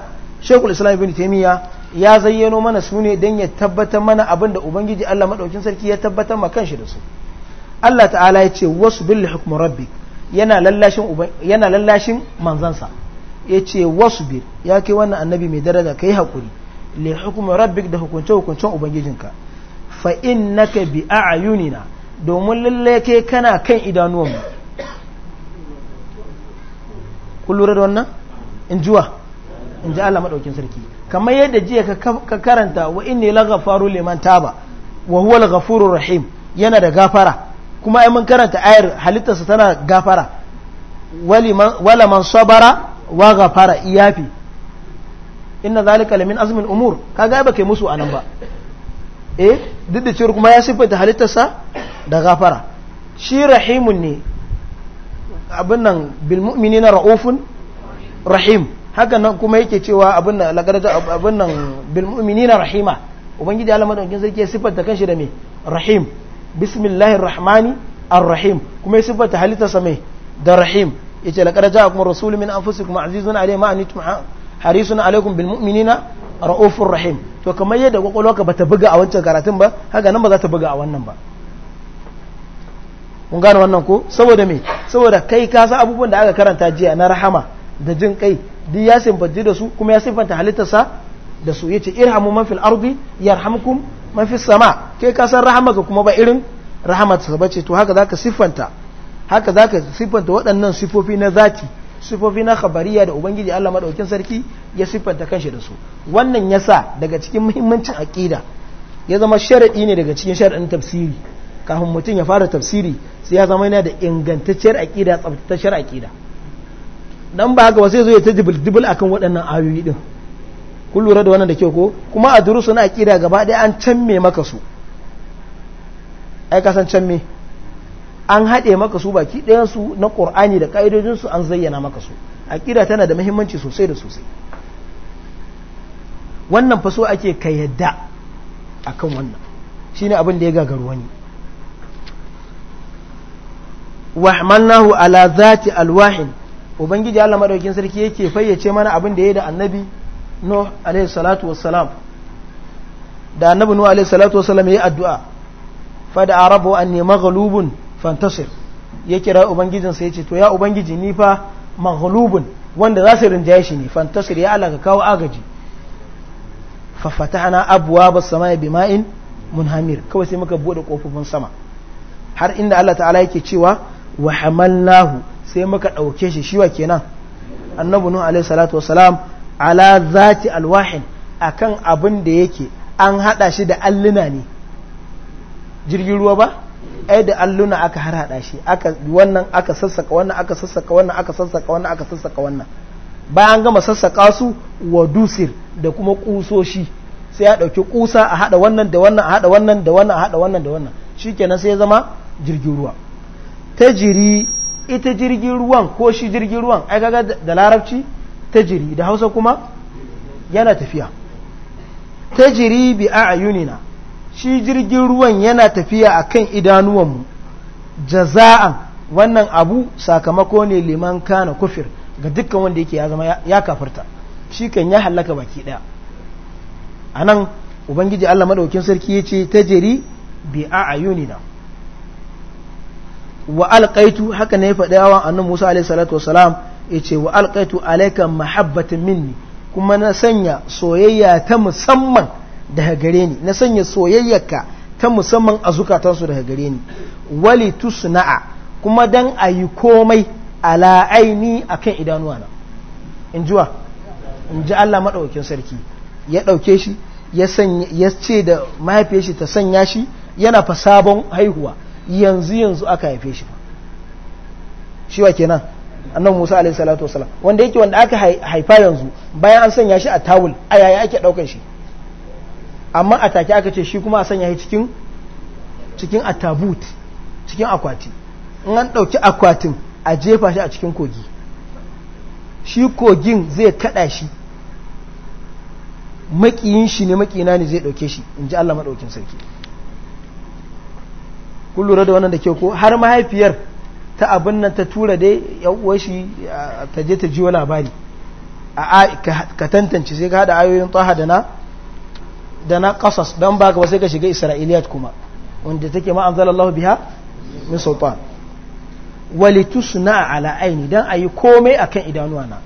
shekul islam ibn taimiyya ya zayyano mana su ne don ya tabbatar mana abin da ubangiji allah maɗaukin sarki ya tabbatar ma kanshi da su Allah ta'ala ya ce wasu bil hukm rabbik yana lallashin yana lallashin manzansa ya ce wasu bir ya kai wannan annabi mai daraja ka kai hakuri li hukm rabbik da hukunce hukuncen ubangijinka fa innaka bi a'yunina domin lalle kana kan idanuwanmu ku lura da wannan in juwa in ji Allah madaukin sarki kamar yadda jiya ka karanta wa inni lagafaru liman taba wa huwa al-ghafurur rahim yana da gafara kuma ai mun karanta ayar halittarsa tana gafara wala man sabara wa gafara iyafi inna zalika lamin azmin umur kaga ba kai musu anan ba eh duk da cewa kuma ya sifanta halittarsa da gafara shi rahimun ne abin nan bil mu'minina raufun rahim haka nan kuma yake cewa abin nan lagarta abin nan bil mu'minina rahima ubangiji Allah madaukakin sarki ya siffanta kanshi da me rahim bismillahir rahmani arrahim kuma ya siffata halittarsa same da rahim yace laqad ja'akum rasulun min anfusikum azizun alayhi ma antum harisun 'alaykum bil mu'minina ra'ufur rahim to kamar yadda kwakwalwarka bata buga a wancan karatun ba haka nan ba za ta buga a wannan ba mun gane wannan ko saboda me saboda kai ka san abubuwan da aka karanta jiya na rahama da jin kai duk ya sifanci da su kuma ya sifanta halittarsa da su yace irhamu man fil ardi yarhamkum mafi sama kai kasar rahamaka kuma ba irin rahamarsa ba ce to haka zaka siffanta haka zaka siffanta waɗannan sifofi na zati sifofi na khabariya da ubangiji Allah maɗaukin sarki ya siffanta kanshi da su wannan yasa daga cikin muhimmancin aqida ya zama sharadi ne daga cikin sharadin tafsiri kafin mutum ya fara tafsiri sai ya zama yana da ingantacciyar aƙida tsabtatacciyar aqida dan ba haka ba sai zo ya ta dibul dibul akan waɗannan ayoyi din kun lura da wannan da ke ko kuma a na na akida gaba ɗaya an canme maka su ai ka san canme an haɗe maka su baki ɗayansu na ƙur'ani da ƙa'idojinsu an zayyana maka su akida tana da muhimmanci sosai da sosai wannan faso ake ka yadda kan wannan shi ne abin da ya gagaru wani wahmannahu ala zati alwahin ubangiji Allah maɗaukin sarki yake fayyace mana abin da ya yi da annabi nuh alaihi salatu wassalam da annabi nuh alaihi salatu wassalam yayi addu'a fa da arabu anni maghlubun fantasir ya kira ubangijin sa yace to ya ubangiji ni fa maghlubun wanda za su rinjaye shi ne fantasir ya alaka kawo agaji fa fatahna abwaaba samai bima'in munhamir kawai sai muka bude kofofin sama har inda Allah ta'ala yake cewa wa hamalnahu sai muka dauke shi shiwa kenan annabi nuh alaihi salatu wassalam ala zati alwahin akan abin da yake an hada shi da alluna ne jirgin ruwa ba ai da alluna aka har hada shi aka wannan aka sassaka wannan aka sassaka wannan aka sassaka wannan aka sassaka wannan bayan gama sassaka su wa dusir da kuma kusoshi sai ya dauki kusa a hada wannan da wannan a hada wannan da wannan a hada wannan da wannan shikenan sai ya zama jirgin ruwa ta jiri ita jirgin ruwan ko shi jirgin ruwan ai kaga da larabci tajiri da hausa kuma yana tafiya tajiri bi a ayunina shi jirgin ruwan yana tafiya a kan idanuwanmu jaza'an wannan abu sakamako ne liman kana kufir ga dukkan wanda yake ya zama ya kafarta shi kan ya hallaka baki ɗaya. a nan ubangiji allah maɗaukin sarki ya ce tajiri bi a ayunina wa alƙaitu haka ne faɗi yawan annan musa alaihi salatu wasalam yace wa alqaitu alayka mahabbatan minni kuma na sanya soyayya ta musamman daga gare ni na sanya soyayyarka ta musamman a zukatansu daga gare ni wali tusna'a kuma dan ayi komai ala aini akan idanuwana in jiwa in ji Allah madaukakin sarki ya dauke shi ya ce da mahaifiyar shi ta sanya shi yana fa sabon haihuwa yanzu yanzu aka haife shi shi wa kenan annabi Musa alaihi salatu wasalam wanda yake wanda aka haifa yanzu bayan an sanya shi a tawul a yaya ake daukar shi amma a take aka ce shi kuma a sanya shi cikin cikin atabut cikin akwati in an dauki akwatin a jefa shi a cikin kogi shi kogin zai kada shi makiyin shi ne makina ne zai dauke shi in ji Allah madaukin sarki kullu lura da wannan da ke ko har mahaifiyar ta abin nan ta tura dai ya shi ta je ta ji jiwa labari ka tantance sai ka haɗa ayoyin taha da na kasas ƙasas don ba ka sai ka shiga isra'iliyat kuma wanda take ma an zalallahu biya min sultan walitu suna ala aini don a yi komai a kan idanuwa na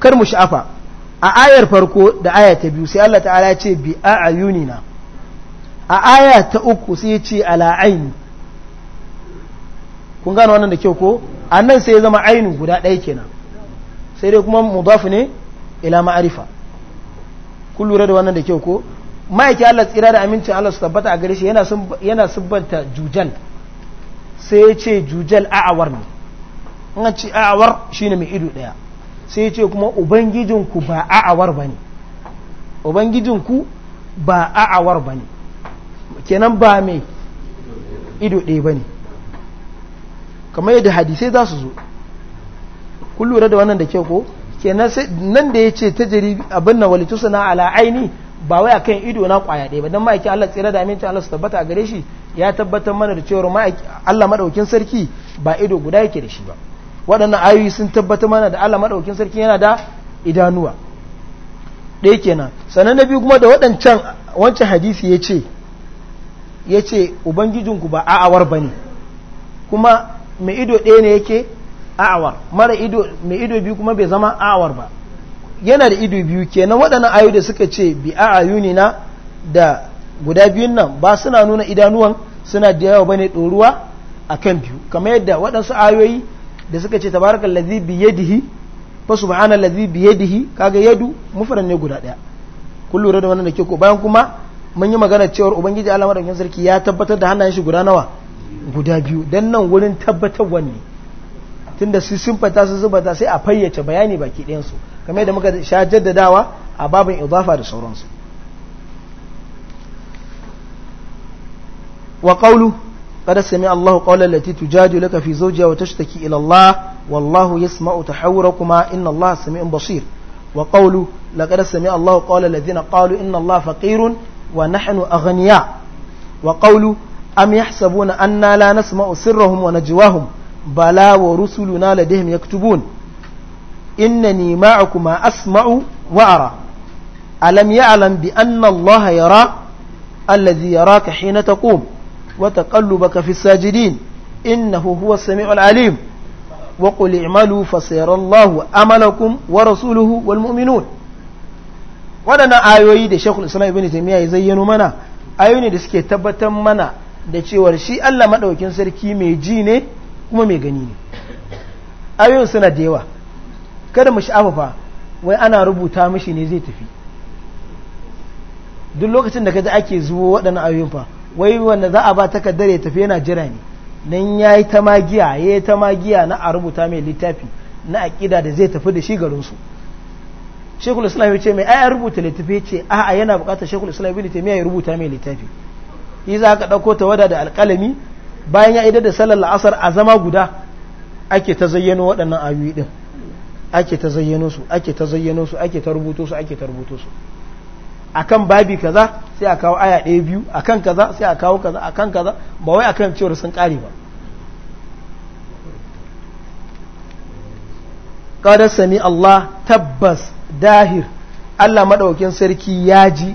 kar mu sha'afa a ayar farko da aya ta biyu sai Allah ta'ala ya ce bi a na. a aya ta uku sai ya ce ala aini kun gane wannan da kyau ko annan sai ya zama ainu guda ɗaya kenan sai dai kuma mudafu ne ila ma'arifa kun lura da wannan da kyau ko ma'aiki Allah tsira da amincin Allah su tabbata a gare shi yana subbanta jujal sai ya ce jujal a'awar ne in ce a'awar shine mai ido ɗaya sai ya ce kuma ubangijinku ba a'awar ba ne ubangijinku ba a'awar ba ne kenan ba mai ido ɗaya ba ne kamar yadda hadisai za su zo kun lura da wannan da ke ko ke nan da ya ce ta jiri abin na walitu suna ala'aini ba wai akan ido na kwaya ɗaya ba don ma'aikin Allah tsira da amincin Allah su tabbata a gare shi ya tabbatar mana da cewar Allah maɗaukin sarki ba ido guda yake da shi ba waɗannan ayoyi sun tabbatar mana da Allah maɗaukin sarki yana da idanuwa ɗaya kenan sannan na biyu kuma da waɗancan wancan hadisi ya ce ya ce ubangijinku ba a'awar ba ne kuma mai ido ɗaya ne yake a'awar mara ido mai ido biyu kuma bai zama a'awar ba yana da ido biyu kenan waɗannan ayu da suka ce bi ayuni na da guda biyun nan ba suna nuna idanuwan suna da yawa bane ɗoruwa a kan biyu kamar yadda waɗansu ayoyi da suka ce tabarakal lazi bi yadihi fa subhanal lazi bi yadihi kaga yadu mufrad ne guda ɗaya kun lura da wannan da ke ko bayan kuma mun yi magana cewar ubangiji Allah madaukakin sarki ya tabbatar da hannayen shi guda nawa guda biyu don nan wurin tabbatar wani tun da su simfata su zubata sai a fayyace bayani baki ɗayansu kamar da muka sha jaddadawa a babin izafa da sauransu wa ƙaulu ƙada sami allahu ƙaular latitu jaji laka fi zojiya wata shi taki ilallah wallahu ya sami ta haura kuma inna allah sami in basir wa ƙaulu laƙada sami allahu ƙaular latina ƙalu inna allah faƙirun wa nahanu a ghaniya wa am yahsabuna anna la nasma'u sirrahum wa najwahum bala wa rusuluna ladayhim yaktubun innani ma'akuma asma'u wa ara alam ya'lam bi anna allaha yara alladhi yaraka hina taqum wa taqallubaka fi sajidin innahu huwa as-sami'ul 'alim wa qul i'malu fasayara allahu amalakum wa rasuluhu wal mu'minun ayoyi da Sheikhul Islam Ibn Taymiyyah ya zayyano mana ayoyi ne da suke tabbatar mana da cewar shi Allah maɗaukin sarki mai ji ne kuma mai gani ne ayoyin suna da yawa kada mu sha'afa fa wai ana rubuta mishi ne zai tafi duk lokacin da kaji ake zuwa waɗannan ayoyin fa wai wanda za a ba takardar ya tafi yana jira ne nan ya yi ta magiya ya yi ta magiya na a rubuta mai littafi na aƙida da zai tafi da shi garinsu shekul islam ya ce mai ai rubuta littafi ce a yana buƙatar shekul islam ya ce mai ya rubuta mai littafi yi za ka ɗauko wada da alƙalami bayan ya ida da sallar la'asar a zama guda ake ta zayyano waɗannan ayoyi ɗin ake ta zayyano su ake ta zayyano su ake ta rubuto su ake ta rubuto su akan babi kaza sai a kawo aya ɗaya biyu akan kaza sai a kawo kaza akan kaza ba wai akan cewar sun ƙare ba qad sami Allah tabbas dahir Allah madaukin sarki ya ji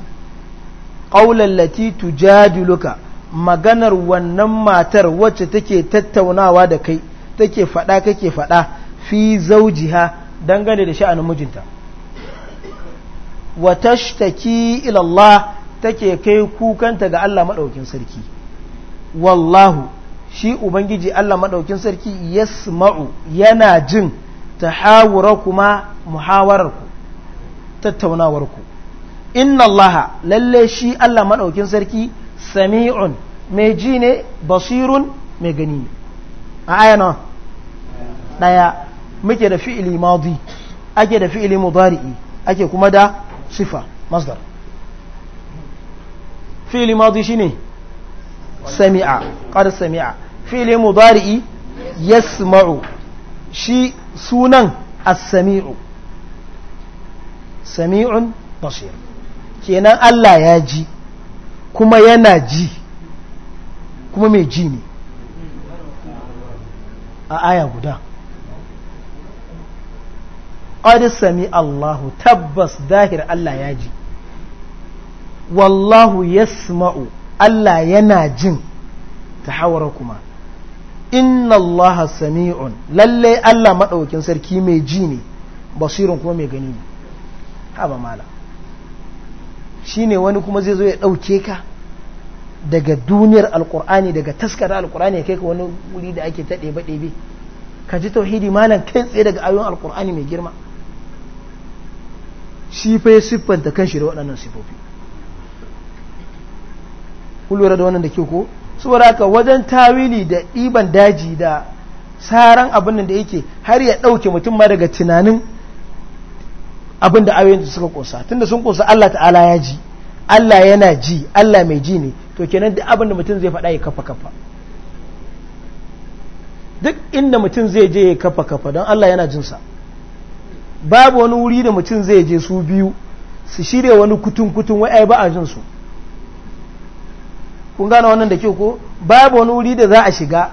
ƙaular lati tujadiluka maganar wannan matar wacce take tattaunawa da kai take faɗa kake faɗa fi zaujiha dangane da sha'anin mijinta wa tashtaki ila Allah take kai kukanta ga Allah maɗaukin sarki wallahu shi ubangiji Allah maɗaukin sarki yasma'u yana jin hawura kuma muhawararku tattaunawarku inna allaha lalle shi Allah maɗaukin sarki sami'un mai ji ne basirun mai gani ne a ayana ɗaya muke da fi'ili ake da fi'ili mudari'i ake kuma da sifa masdar fi'ili sami'a sami'a fi'ili mudari'i yasma'u shi sunan as-sami'u sami'un kenan Allah ya ji kuma yana ji kuma mai ji ne a aya guda sami Allahu tabbas dahir Allah ya ji wallahu yasma'u Allah yana jin ta hawara kuma inna Allah sami'un lallai Allah maɗaukin sarki mai ji ne basirin kuma mai gani ne haba mala shine wani kuma zai zo ya ɗauke ka daga duniyar alkur'ani daga taskara alkur'ani ya kai ka wani wuri da ake ta ɗebe ɗebe ka ji tauhidi malam kai tsaye daga ayoyin alkur'ani mai girma shi fa ya siffanta kan shi da waɗannan sifofi kun da wannan da ke ko saboda haka wajen tawili da ɗiban daji da saran abin da yake har ya ɗauke mutum ma daga tunanin abinda da suka kosa tunda sun kosa Allah ta'ala ya ji Allah yana ji Allah mai ji ne to kenan duk abinda mutum zai faɗa ya kafa kafa duk inda mutum zai je ya kafa kafa don Allah yana jinsa babu wani wuri da mutum zai je su biyu su shirya wani kutun kutun wai ai ba a jin su kun gane wannan da ke ko babu wani wuri da za a shiga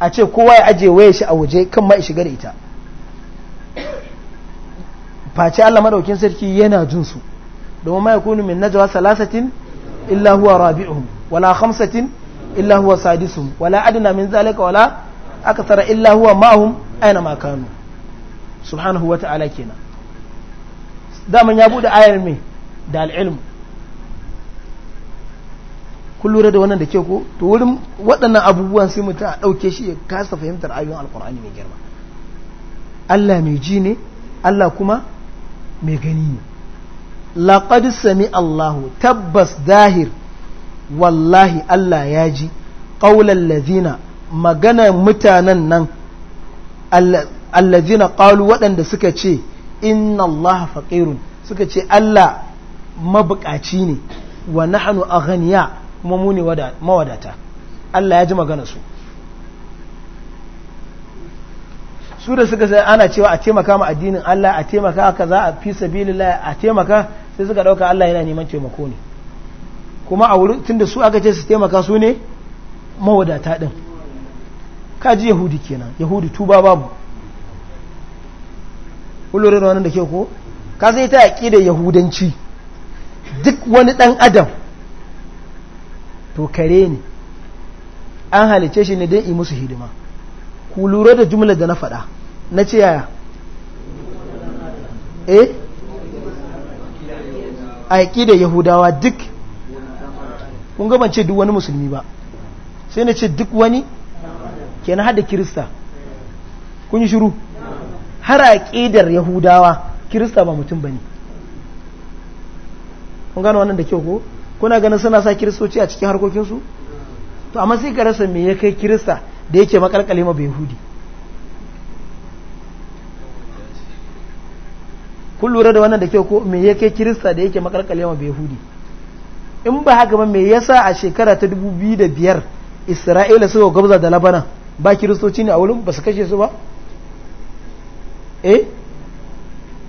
a ce kowa ya aje waya shi a waje kan ma shiga da ita face Allah madaukin sarki yana jin su domin ma yakunu min najwa salasatin illa huwa rabi'uhum wala khamsatin illa huwa sadisuhum wala adna min zalika wala akthara illa huwa ma'hum aina ma kanu subhanahu wa ta'ala kenan dama ya bude ayar me da al'ilm kun lura da wannan da ke ko to wurin waɗannan abubuwan sai mutum a ɗauke shi ya kasa fahimtar ayoyin alkur'ani mai girma Allah mai ji ne Allah kuma mai gani ne laqad sami Allahu tabbas zahir wallahi Allah ya ji qaulan lazina magana mutanen nan allazina qalu waɗanda suka ce inna Allah suka ce Allah mabukaci ne wa nahnu aghniya kuma mu ne mawadata Allah ya ji magana su su da suka sai ana cewa a taimaka ma addinin Allah a taimaka ka za a fi sabilillah a taimaka sai suka dauka Allah yana neman taimako ne kuma a wurin tunda su aka ce su taimaka su ne mawadata din ji yahudi kenan yahudi tuba babu kullure da wannan da ke ko ka sai ta aqida yahudanci duk wani dan adam to kare ne an halice shi ne don yi musu hidima ku lura da jumla da na faɗa na ce yaya eh a da yahudawa duk kun gaban ce duk wani musulmi ba sai na ce duk wani ke na hada kirista kun yi shuru har a ƙidar yahudawa kirista ba mutum ba ne kun gano wannan da kyau ko kuna ganin suna sa kiristoci a cikin harkokinsu to amma sai ka rasa me ya kai kirista da yake makalkale ma bai hudi kun lura da wannan da ke ko me yake kirista da yake makalkale ma bai hudi in ba haka ba me yasa a shekara ta 2005 isra'ila suka gabza da labanan ba kiristoci ne a wurin ba su kashe su ba eh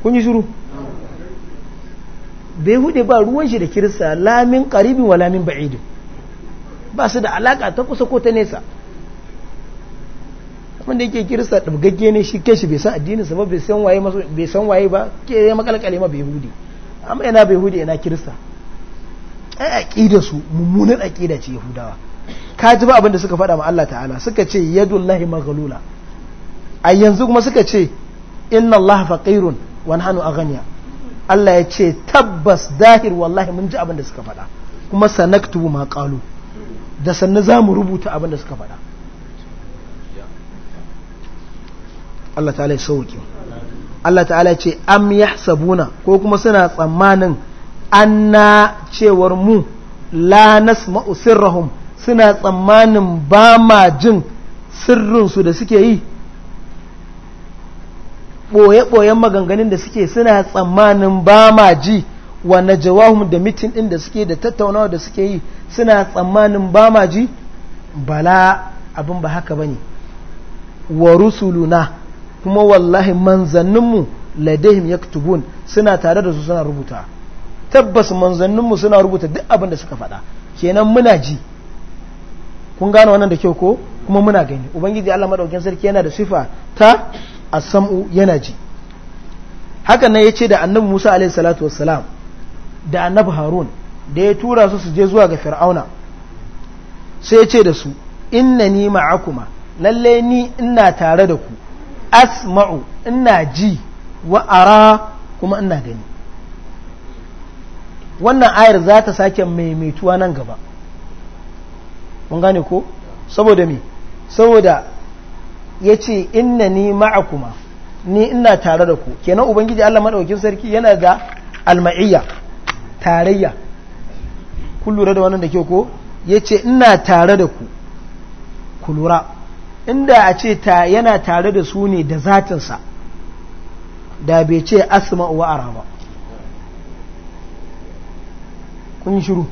kun yi shuru bai hude ba ruwan shi da kirista lamin karibin wa lamin ba'idin ba su da alaka ta kusa ko ta nesa wanda yake kirista ɗabgagge ne shi kashi bai san addininsa ba bai san waye bai san waye ba ke ya makalkale ma bai hudi amma ina bai hudi ina kirista ai aqida su mummunan aqida ce yahudawa ka ji ba abin da suka faɗa ma Allah ta'ala suka ce yadullahi maghlula a yanzu kuma suka ce inna Allah faqirun wa nahnu aghnia Allah ya ce tabbas dahir wallahi mun ji abin da suka faɗa kuma sanaktubu ma qalu da sanna zamu rubuta abin da suka faɗa Allah ta'ala ya sauke Allah ta'ala ce am sabuna ko kuma suna tsammanin na cewar mu la nas ma'usirrahum suna tsammanin ba ma jin sirrinsu da suke yi ɓoye-ɓoyen maganganun da suke suna tsammanin ba ma ji wa na jawahun da mitin ɗin da suke da tattaunawa da suke yi suna tsammanin ba ma ji bala abin ba haka ba ne wa rusuluna kuma wallahi manzanninmu ladehim yaktubun suna tare da su suna rubuta tabbas manzanninmu suna rubuta duk abin da suka faɗa kenan muna ji kun gane wannan da kyau ko kuma muna gani ubangiji Allah madaukakin sarki yana da sifa ta asam'u samu yana ji hakan nan yace da annabi Musa alaihi salatu wassalam da annabi Harun da ya tura su su je zuwa ga Fir'auna sai yace da su inna innani ma'akuma lalle ni ina tare da ku asma'u ina ji wa ara kuma ina gani wannan ayar za ta sake maimaituwa nan gaba mun gane ko saboda me saboda ya ce ina ni ma'akuma ni ina tare da ku kenan ubangiji Allah maɗaukin sarki yana ga alma'iyya tarayya kun lura da wannan da ke ko ya ce ina tare da ku ku inda a ce ta yana tare da su ne da zatinsa da bai ce asma wa ara kun shiru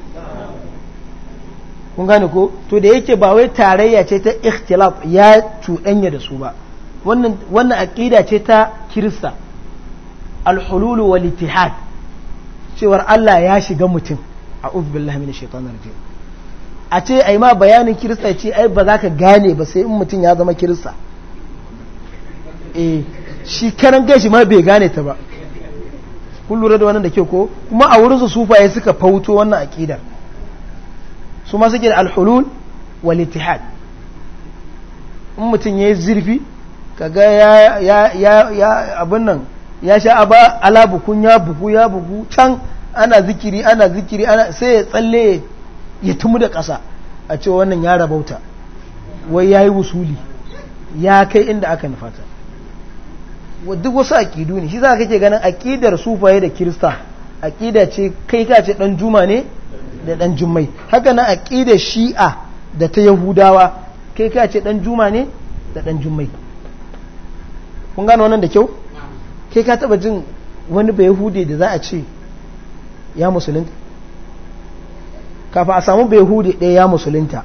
kun gane ko to da yake ba wai tarayya ce ta ikhtilaf ya cuɗanya da su ba wannan aƙida ce ta kirista alhululu wal ittihad cewar Allah ya shiga mutum a'udhu billahi minash shaitanir rajim a ce yi ma bayanin kirista ce ai ba za ka gane ba sai in mutum ya zama kirista eh shi karan gashi ma bai gane ta ba kun lura da wannan da ke ko kuma a wurin su sufaye suka fauto wannan aqidar su ma suke da alhulul wal in mutum yayi zurfi kaga ya ya ya abin nan ya sha aba ala bukun ya bugu ya bugu can ana zikiri ana zikiri ana sai ya tsalle ya tumu da ƙasa a cewa wannan ya rabauta wai ya yi wusuli ya kai inda aka nufata duk wasu aƙidu ne shi za ka ke ganin aƙidar sufaye da kirista aƙida ce kai ka ce ɗan juma ne da ɗan jummai haka na aƙidar shi'a da ta yahudawa kai ka ce ɗan juma ne da ɗan jummai kun gano wannan da kyau kai ka taɓa jin wani bai hude da za a ce ya musulunta kafa a samu behudi ɗaya ya musulunta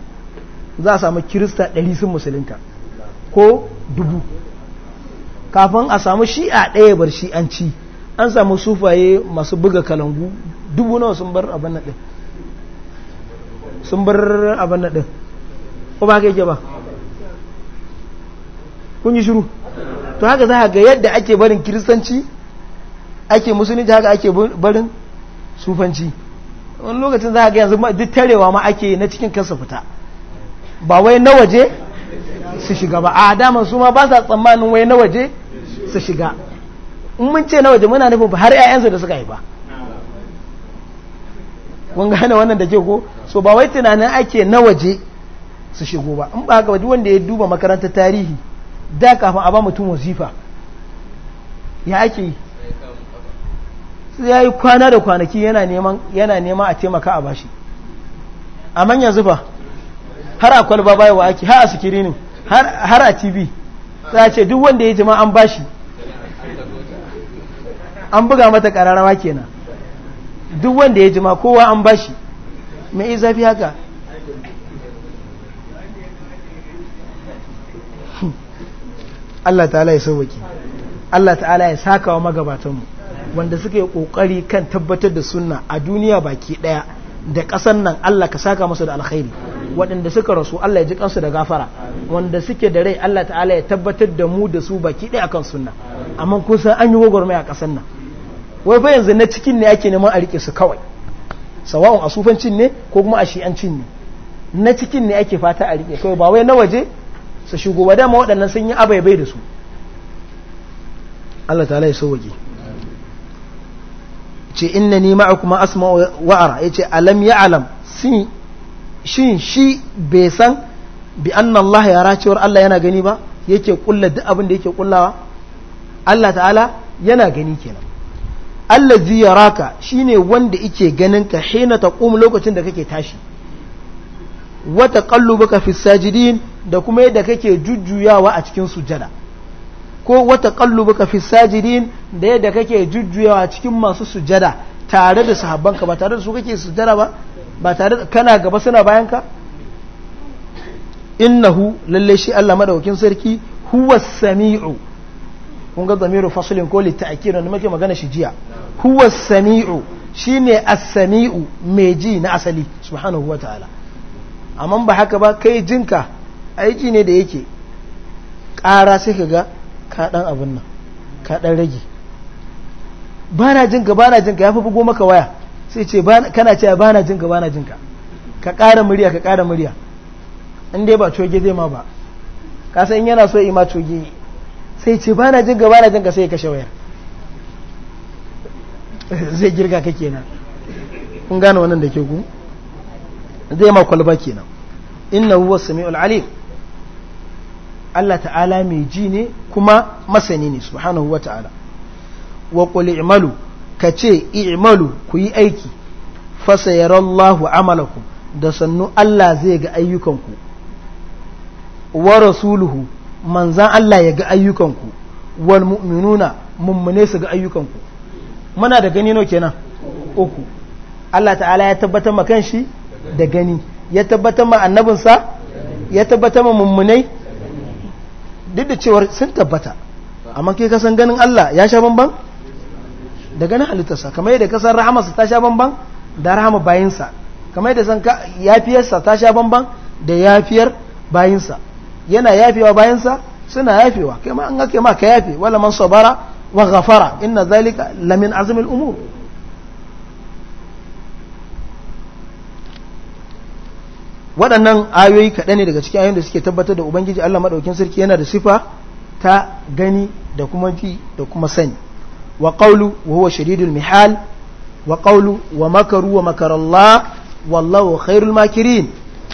za a samu kirista ɗari sun musulunta ko dubu kafin a samu shi'a ɗaya bar shi'anci an samu sufaye masu buga kalangu dubu nawa sun bar abin ɗin sun bar abin ɗin ko ba ka yake ba kun yi shiru to haka za ga yadda ake barin kiristanci ake musulunci haka ake barin sufanci wani lokacin za a ga yanzu duk tarewa ma ake na cikin kansa fita ba wai na waje su shiga ba a adama su ma ba sa tsammanin wai na waje su shiga in mun ce na waje muna nufin har 'ya'yansu da suka yi ba. kun gane wannan da ke ko so ba wai tunanin ake na waje su shigo ba in ba haka waje wanda ya duba makarantar tarihi da kafin a ba mutum wazifa ya ake yi ya yi kwana da kwanaki yana nema a taimaka a bashi a manya zuba har a kwalba bayan wa ake har a sikirinin har a tv za ce duk wanda ya jima an bashi an buga mata kararrawa kenan duk wanda ya jima kowa an bashi mai zafi haka Allah ta'ala ya sauwaki Allah ta'ala ya saka wa magabatanmu wanda suka yi kokari kan tabbatar da sunna a duniya baki daya da kasan nan Allah ka saka musu da alkhairi waɗanda suka rasu Allah ya ji kansu da gafara wanda suke da rai Allah ta'ala ya tabbatar da mu da su baki daya akan sunna amma kun san an yi mai a kasan nan wai fa yanzu na cikin ne ake neman a rike su kawai sawa'un a sufancin ne ko kuma a shi'ancin ne na cikin ne ake fata a rike kawai ba wai na waje su shigo ba dama waɗannan sun yi abaibai da su Allah ta ya so ce inna ni kuma asma'u wa ara yace alam ya sin shin shi bai san bi anna Allah ya racewar Allah yana gani ba yake kulla duk abin da yake kullawa Allah ta'ala yana gani kenan allah allazi shi ne wanda yake ganin ka hina taqum lokacin da kake tashi wata wa baka fissa sajidin da kuma yadda kake jujjuyawa a cikin sujada ko wata baka fi sajidin da yadda kake jujjuyawa cikin masu sujada tare da sahabbanka ba tare da su kake sujada ba ba tare da kana gaba suna bayanka innahu lalle shi Allah madaukin sarki huwa sami'u kun ga zamiru faslin ko li ta'kid wanda muke magana shi jiya huwa sami'u shine as-sami'u mai ji na asali subhanahu wataala amma ba haka ba kai jinka ji ne da yake ƙara sai ka ga ka dan abin nan ka dan rage ba na jin ka ba na jin ka ya fi bugo maka waya sai ce kana cewa ba na jin ka ba na jin ka ka ƙara murya ka ƙara murya in dai ba coge zai ma ba ka san yana so ima coge sai ce ba na jin ka ba na jin ka sai ya kashe wayar zai girga ka kenan kun gane wannan da ke ku zai ma kwalba kenan inna huwa sami'ul alim Allah ta'ala mai ji ne kuma masani ne subhanahu wa ta'ala wa kuli i'malu ka ce i'malu ku yi aiki fasayarallahu amalaku da sannu Allah zai ga ayyukanku wa rasuluhu manzan Allah ya ga ayyukanku wal mu'minuna mummune su ga ayyukanku muna da gani no kenan uku Allah ta'ala ya tabbatar ma kanshi da gani ya tabbatar ma annabinsa ya tabbatar ma mummunai duk da cewar sun tabbata amma ke kasan ganin Allah ya sha bamban da ganin halittarsa kamar yadda kasan rahamarsa ta sha bamban da rahama bayinsa kamar yadda san yafiyarsa ta sha bamban da yafiyar bayinsa yana yafewa bayansa suna yafewa kai ma an ga kai ma ka yafe wala man sabara wa ghafara inna zalika lamin azmil umur waɗannan ayoyi kaɗan ne daga cikin ayoyin da suke tabbatar da ubangiji Allah maɗaukin sarki yana da sifa ta gani da kuma ji da kuma sani wa qawlu wa huwa shadidul mihal wa qawlu wa makaru wa makara wallahu khairul makirin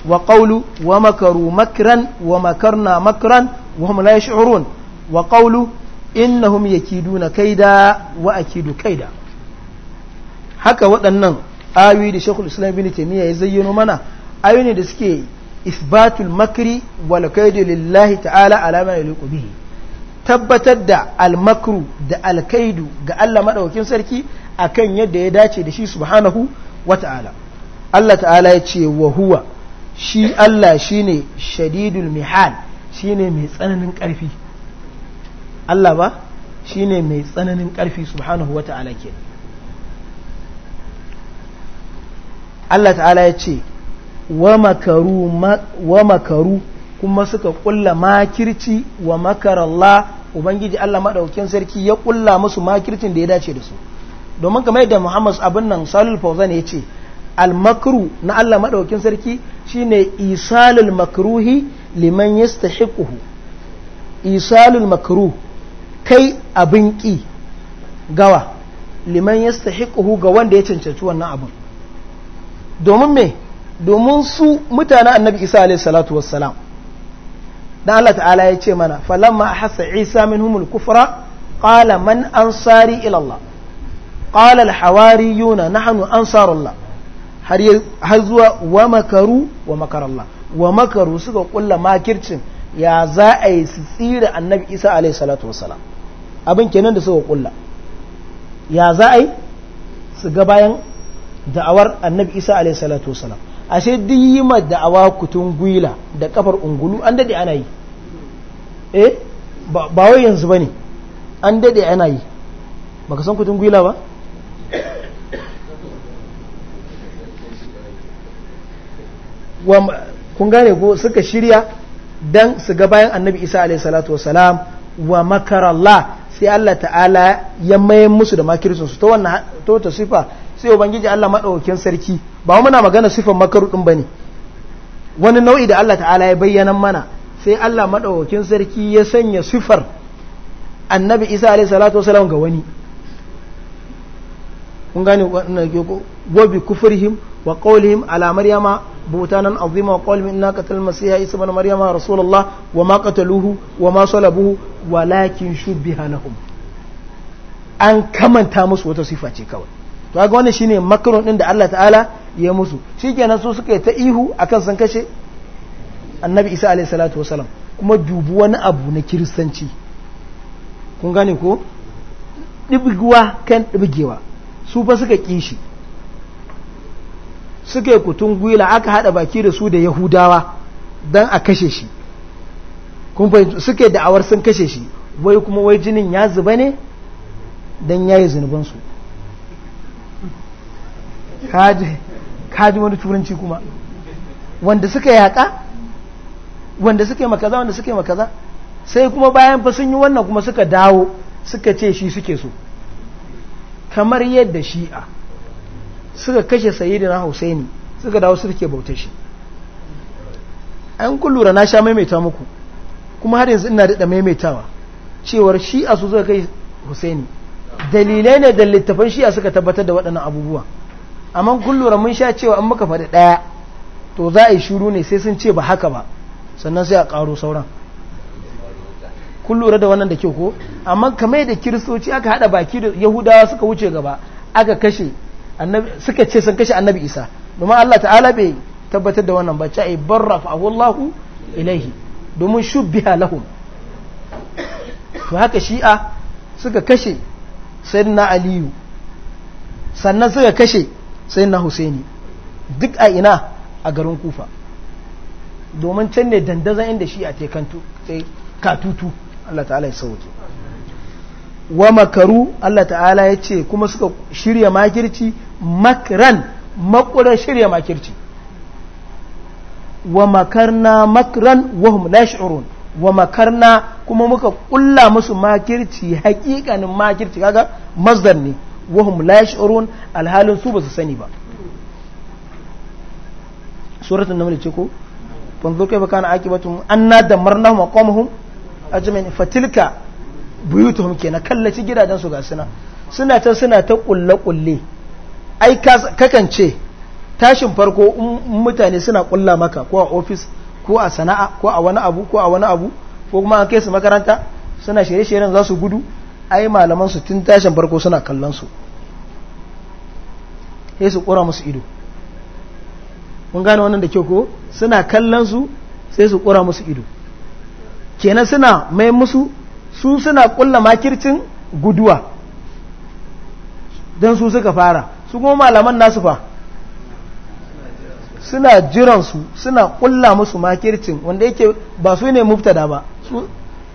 wa qawlu wa makaru makran wa makarna makran wa hum la yash'urun wa qawlu innahum yakiduna kaida wa akidu kaida haka waɗannan ayoyi da Sheikhul Islam Ibn Taymiyyah ya zayyano mana ne da suke isbatul makri wal kaidu lillahi ta'ala alama man yaliqu bihi tabbatar da makru da alkaidu ga Allah madaukakin sarki akan yadda ya dace da shi subhanahu wata'ala Allah ta'ala ya ce wa huwa shi Allah shine shadidul mihal shine mai tsananin karfi Allah ba shine mai tsananin karfi subhanahu wata'ala ke Allah ta'ala ya ce wa makaru kuma suka kulla makirci wa makarallah ubangiji Allah maɗaukin sarki ya kulla musu makircin da ya dace da su domin kamar yadda Muhammad abin nan Salul Fawzan ya ce al-makru na Allah maɗaukin sarki shine isalul makruhi liman yastahiquhu isalul makruh kai abin ki gawa liman yastahiquhu ga wanda ya cancanci wannan abin domin me domin su mutanen annabi isa alaihi salatu wassalam dan Allah ta'ala ya ce mana falamma ahassa isa minhumul kufra qala man ansari ila Allah qala al hawariyuna nahnu ansarullah har har zuwa wa makaru wa wa makaru suka kulla makircin ya za a yi su tsira annabi isa salatu wassalam abin kenan da suka kulla ya za a yi su ga bayan da'awar annabi isa salatu wassalam A sai duk yi ma da'awa kutun gwila da kafar ungulu an dade ana yi eh ba wai yanzu bane an dade ana yi baka san kutun gwila ba kun gane ko suka shirya dan su ga bayan annabi isa alayhi salatu wasalam wa makarallah sai Allah ta'ala ya mayar musu da makirsun su ta wannan ta wata sifa sai ubangiji Allah madaukakin sarki ba muna magana sifan makarudin bane wani nau'i da Allah ta'ala ya bayyana mana sai Allah madaukakin sarki ya sanya sifar annabi Isa alaihi salatu wasalam ga wani kun gane wannan ke gobi kufrihim wa qawlihim ala maryama butanan azima wa qawlihim inna qatal masiha isa ibn maryama rasulullah wa ma qataluhu wa ma salabuhu walakin shubbiha lahum an kamanta musu wata sifa ce kawai to ga wannan shine makaron din da Allah ta'ala ya musu shikenan su suka ta ihu akan san kashe annabi isa alayhi salatu wasalam kuma dubu wani abu na kiristanci kun gane ko dibiguwa kan dibigewa su fa suka kishi shi suka yi kutun gwila aka haɗa baki da su da yahudawa don a kashe shi suka yi da'awar sun kashe shi wai kuma wai jinin ya zuba ne dan ya yi zunubansu kaji wani turanci kuma wanda suka yaƙa wanda suka yi makaza wanda suka yi makaza sai kuma bayan fa sun yi wannan kuma suka dawo suka ce shi suke so kamar yadda shi'a suka kashe na hausaini suka dawo suke bautar shi an kullura na sha maimaita muku kuma har yanzu ina da maimaitawa cewar shi'a su suka kai Husaini dalilai ne da littafan shi'a suka tabbatar da waɗannan abubuwa amma kun mun sha cewa an muka faɗi ɗaya to za a yi shuru ne sai sun ce ba haka ba sannan sai a ƙaro sauran kun da wannan da kyau ko amma kamar da kiristoci aka haɗa baki da yahudawa suka wuce gaba aka kashe suka ce sun kashe annabi isa domin allah ta'ala bai tabbatar da wannan ba ca'i barrafa allahu ilaihi domin shubbiha lahum to haka shi'a suka kashe sayyidina aliyu sannan suka kashe sai na husaini duk a ina a garin kufa domin can ne dandazan inda shi a tekantu katutu Allah ta'ala ya sauke wa makaru Allah ta'ala ya ce kuma suka shirya makirci makran makurar shirya makirci wa makarna makran wahum la shi'urun wa makarna kuma muka kulla musu makirci hakikanin makirci kaga mazdar ne wahum la yash'urun alhalin su ba su sani ba suratul naml ce ko fanzur kaifa kana akibatum anna na wa qawmuhum ajmain fatilka buyutuhum kenan kallaci gidajen su ga suna suna ta suna ta kulle kulle ai kakan ce tashin farko mutane suna kulla maka ko a ofis ko a sana'a ko a wani abu ko a wani abu ko kuma an kai su makaranta suna shirye-shiryen za su gudu ai malaman su tun tashin farko suna kallon su sai su kura musu ido kun gane wannan da kyau ko suna kallon su sai su kura musu ido kenan suna mai musu su suna kulla makircin guduwa don su suka fara su kuma malaman nasu fa suna jiransu suna kulla musu makircin wanda yake ba su ne muftada ba su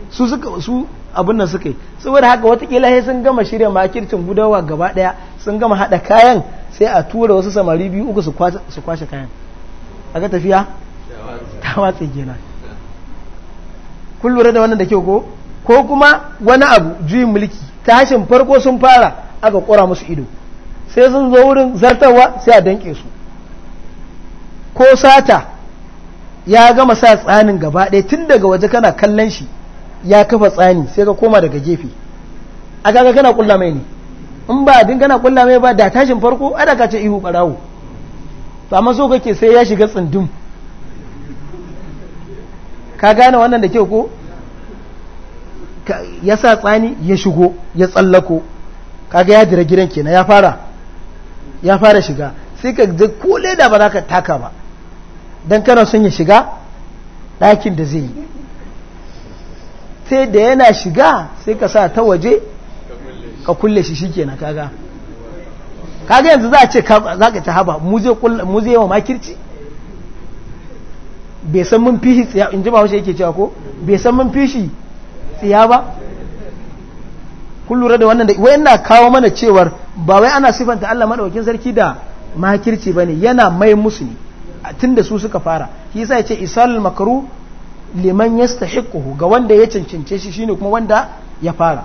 su su abin nan suka yi saboda haka watakila sai sun gama shirya makircin gudawa gaba daya sun gama hada kayan sai a tura wasu samari biyu uku su kwashe kayan a ga tafiya ta watsa gina kun da wannan da kyau ko kuma wani abu juyin mulki tashin farko sun fara aka kura musu ido sai sun zo wurin zartarwa sai a danke su ko sata ya gama sa tsanin gaba ɗaya tun daga waje kana kallon shi ya kafa tsani sai ka koma daga gefe a kaga kana kulla mai ne in ba din kana kulla mai ba da tashin farko ada ka ihu barawo to amma so kake sai ya shiga tsindum ka gane wannan da ke ko ya sa tsani ya shigo ya tsallako kaga ya dira gidan kenan ya fara ya fara shiga sai ka je ko leda ba za ka taka ba dan kana son ya shiga ɗakin da zai yi sai da yana shiga sai ka sa ta waje ka kulle shi na kaga kaga yanzu za a ce za ka ta haba mu zai wa makirci bai san mun fishi tsiya in ji wasu yake cewa ko bai san mun fishi tsiya ba kun da wannan da wai yana kawo mana cewar ba wai ana sifanta Allah maɗaukin sarki da makirci bane yana mai musu ne tunda su suka fara shi yasa yace isal makru liman yastahiquhu ga wanda ya cancance shi shine kuma wanda ya fara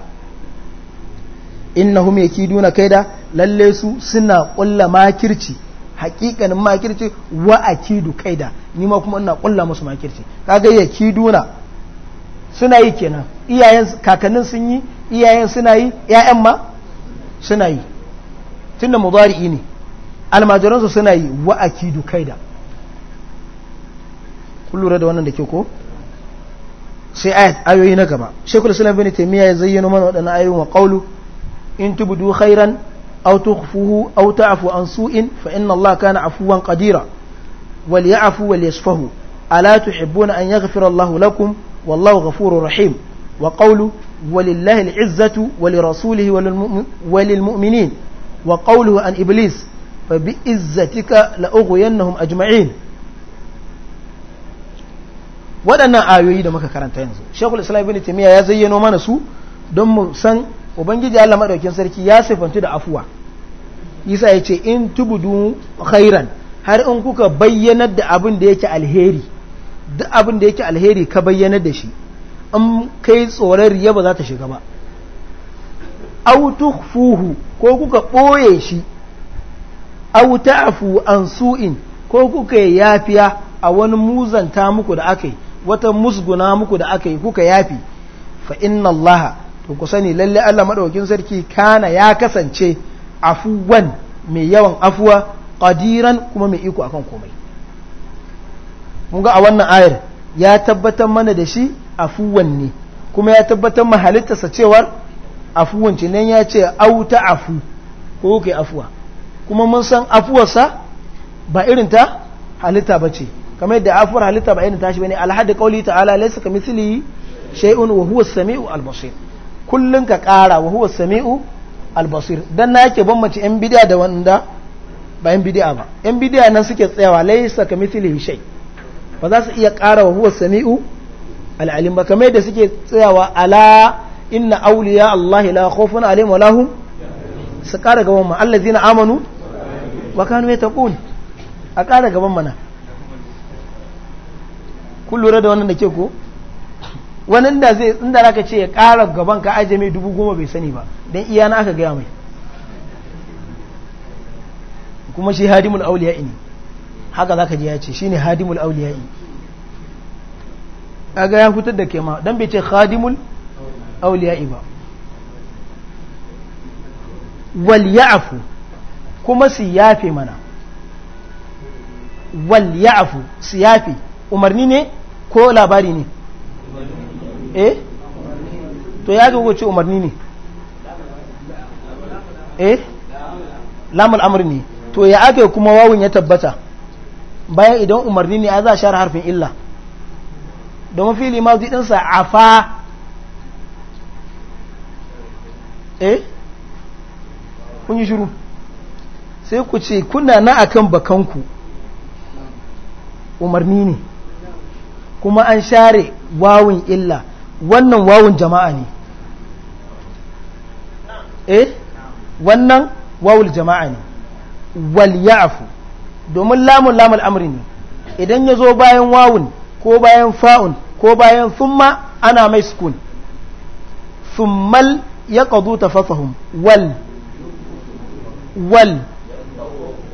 innahum yakiduna kaida lalle su suna kulla makirci hakikanin makirci wa akidu kaida ni ma kuma ina kulla musu makirci kaga yakiduna suna yi kenan iyayen kakannin sun yi iyayen suna yi ƴaƴan ma suna yi tunda mudari'i ne almajiransu suna yi wa akidu kaida kullu da wannan da ke ko sai ayat ayoyi na gaba shekul islam bin taimiyya ya zayyano mana waɗannan ayoyin wa qawlu in tubdu khairan aw tukhfuhu aw ta'fu an su'in fa inna Allah kana afuwan qadira wal ya'fu wal yasfahu ala tuhibbuna an yaghfira Allah lakum wallahu ghafurur rahim wa qawlu ولله العزة ولرسوله وللمؤمنين وقوله عن إبليس فبإزتك لأغوينهم أجمعين waɗannan ayoyi da muka karanta yanzu shekul islam ibn taymiya ya zayyano mana su don mu san ubangiji Allah maɗaukin sarki ya sifantu da afuwa isa ya ce in tubudu khairan har in kuka bayyanar da abin da yake alheri duk abin da yake alheri ka bayyanar da shi in kai tsoron riya ba za ta shiga ba autufuhu ko kuka ɓoye shi autafu afu an su'in ko kuka yafiya a wani muzanta muku da aka yi wata musguna muku da aka yi kuka yafi fa inna Allah to ku sani lalle Allah madaukakin sarki kana ya kasance afuwan mai yawan afuwa qadiran kuma mai iko akan komai mun ga a wannan ayar ya tabbatar mana da shi afuwan ne kuma ya tabbatar ma halittarsa cewar afuwan ce nan ya ce auta afu ko kai afuwa kuma mun san afuwarsa ba irin ta halitta bace kamar yadda afuwar halitta ba yana tashi bane alhadi qauli ta'ala laysa kamithli shay'un wa huwa as-sami'u al-basir kullun ka kara wa huwa as-sami'u al-basir dan na yake bambance yan bid'a da wanda ba yan bid'a ba yan bid'a nan suke tsayawa laysa kamithli shay ba za su iya kara wa huwa as-sami'u al-alim ba kamar yadda suke tsayawa ala inna awliya allahi la khawfun alayhim wa lahum su kara gaban ma allazina amanu wa kanu yattaqun a kara gaban mana kun lura da wannan da ke ko wannan da zai inda zaka ce ya ƙara gaban ka ajami mai dubu goma bai sani ba dan iya na aka gaya mai kuma shi hadimul auliya'i ne haka zaka ji ya ce shine hadimul auliya'i kaga ya fitar da kema dan bai ce Hadimul auliya'i ba wal ya'fu kuma su yafe mana wal ya'fu su yafe umarni ne ko labari ne eh to ya ga wace umarni ne eh lamul amri ne to ya ake kuma wawun ya tabbata bayan idan umarni ne a za a share harfin illa domin fili ma zai ɗinsa a fa eh kun yi shuru sai ku ce kuna na akan bakanku umarni ne kuma an share wawun illa wannan wawun jama'a ne eh wannan wawul jama'a ne wal ya'fu domin lamun lamun amri ne idan ya zo bayan wawun ko bayan fa'un ko bayan thumma ana mai sukun thummal ya ƙadu ta fafahun wal wal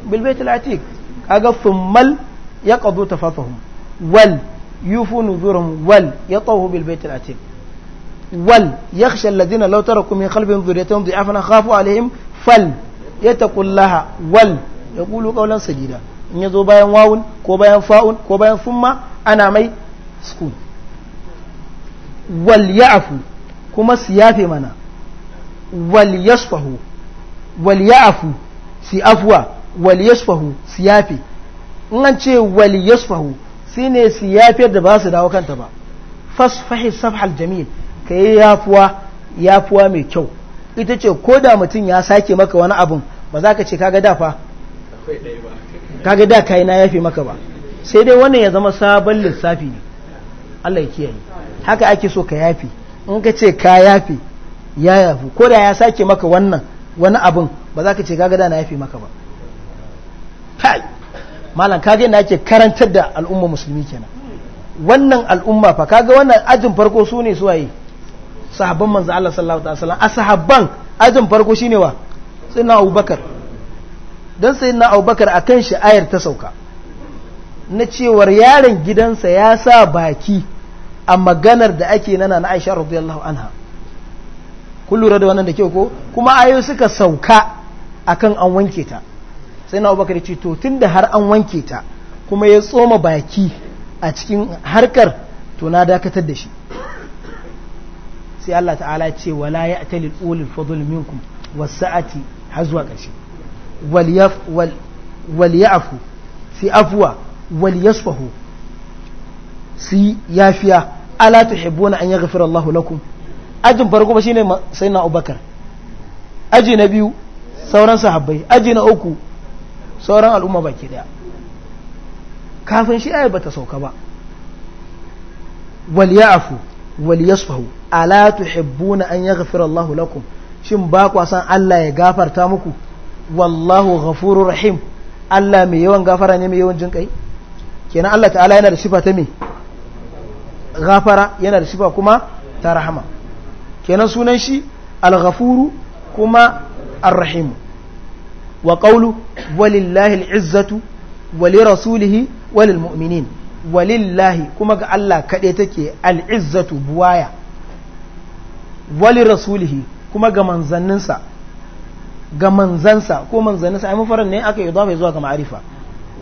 bilbaitul atik kaga thummal ya ƙadu ta fafahun wal yufu nuzurum wal yatawu bil baitil atiq wal yakhsha alladhina law taraku min qalbihim dhurriyatan dha'afan khafu alaihim fal yataqullaha wal yaqulu qawlan sadida in yazo bayan wawun ko bayan fa'un ko bayan summa ana mai sukun wal ya'fu kuma su mana wal yasfahu wal ya'fu si wal in an ce wal yasfahu shi ne su yafiyar da ba su dawo kanta ba fasfahi safhal jamil ka yi yafuwa yafuwa mai kyau ita ce ko da mutum ya sake maka wani abin ba za ka ce kaga da fa kaga da yi na yafe maka ba sai dai wannan ya zama sabon lissafi ne Allah ya kiyaye haka ake so ka yafe in ka ce ka yafe ya yafu ko da ya sake maka wannan wani abin ba za ka ce kaga da na yafe maka ba malam kaga na ake karantar da al'umma musulmi kenan wannan al'umma fa kage wannan ajin farko su ne sahabban manzo Allah sallallahu alaihi wasallam ashabban ajin farko shine wa sayyidina Abubakar dan sayyidina Abubakar akan shi ayar ta sauka na cewar yaron gidansa ya sa baki a maganar da ake nana na Aisha radiyallahu anha kun lura da wannan da kyau ko kuma ayo suka sauka akan an wanke ta sai na abubakar ce to tun da har an wanke ta kuma ya tsoma baki a cikin harkar to na dakatar da shi sai Allah ta'ala ce wala ya atali ulul fadl minkum wasa'ati har zuwa ƙarshe wal ya afu si afuwa wal ya yasfahu si yafiya ala tuhibbuna an yaghfira Allah lakum ajin farko ba shine sayyidina Abubakar aji na biyu sauran sahabbai aji na uku sauran al'umma baki daya kafin shi ba bata sauka ba wal ya'fu wal ala tuhibbuna an yaghfira Allah lakum shin ba kwa san Allah ya gafarta muku wallahu ghafurur rahim Allah mai yawan gafara ne mai yawan jin kai kenan Allah ta'ala yana da sifa ta me gafara yana da sifa kuma ta rahama kenan sunan shi al-ghafuru kuma ar-rahimu wa ولله walillahi al'izzatu وللمؤمنين ولله كما قال الله kuma ga Allah kaɗai take al'izzatu buwaya wa kuma ga manzanninsa ga manzansa ko manzanninsa ai mufarar ne aka yi zuwa ga ma'arifa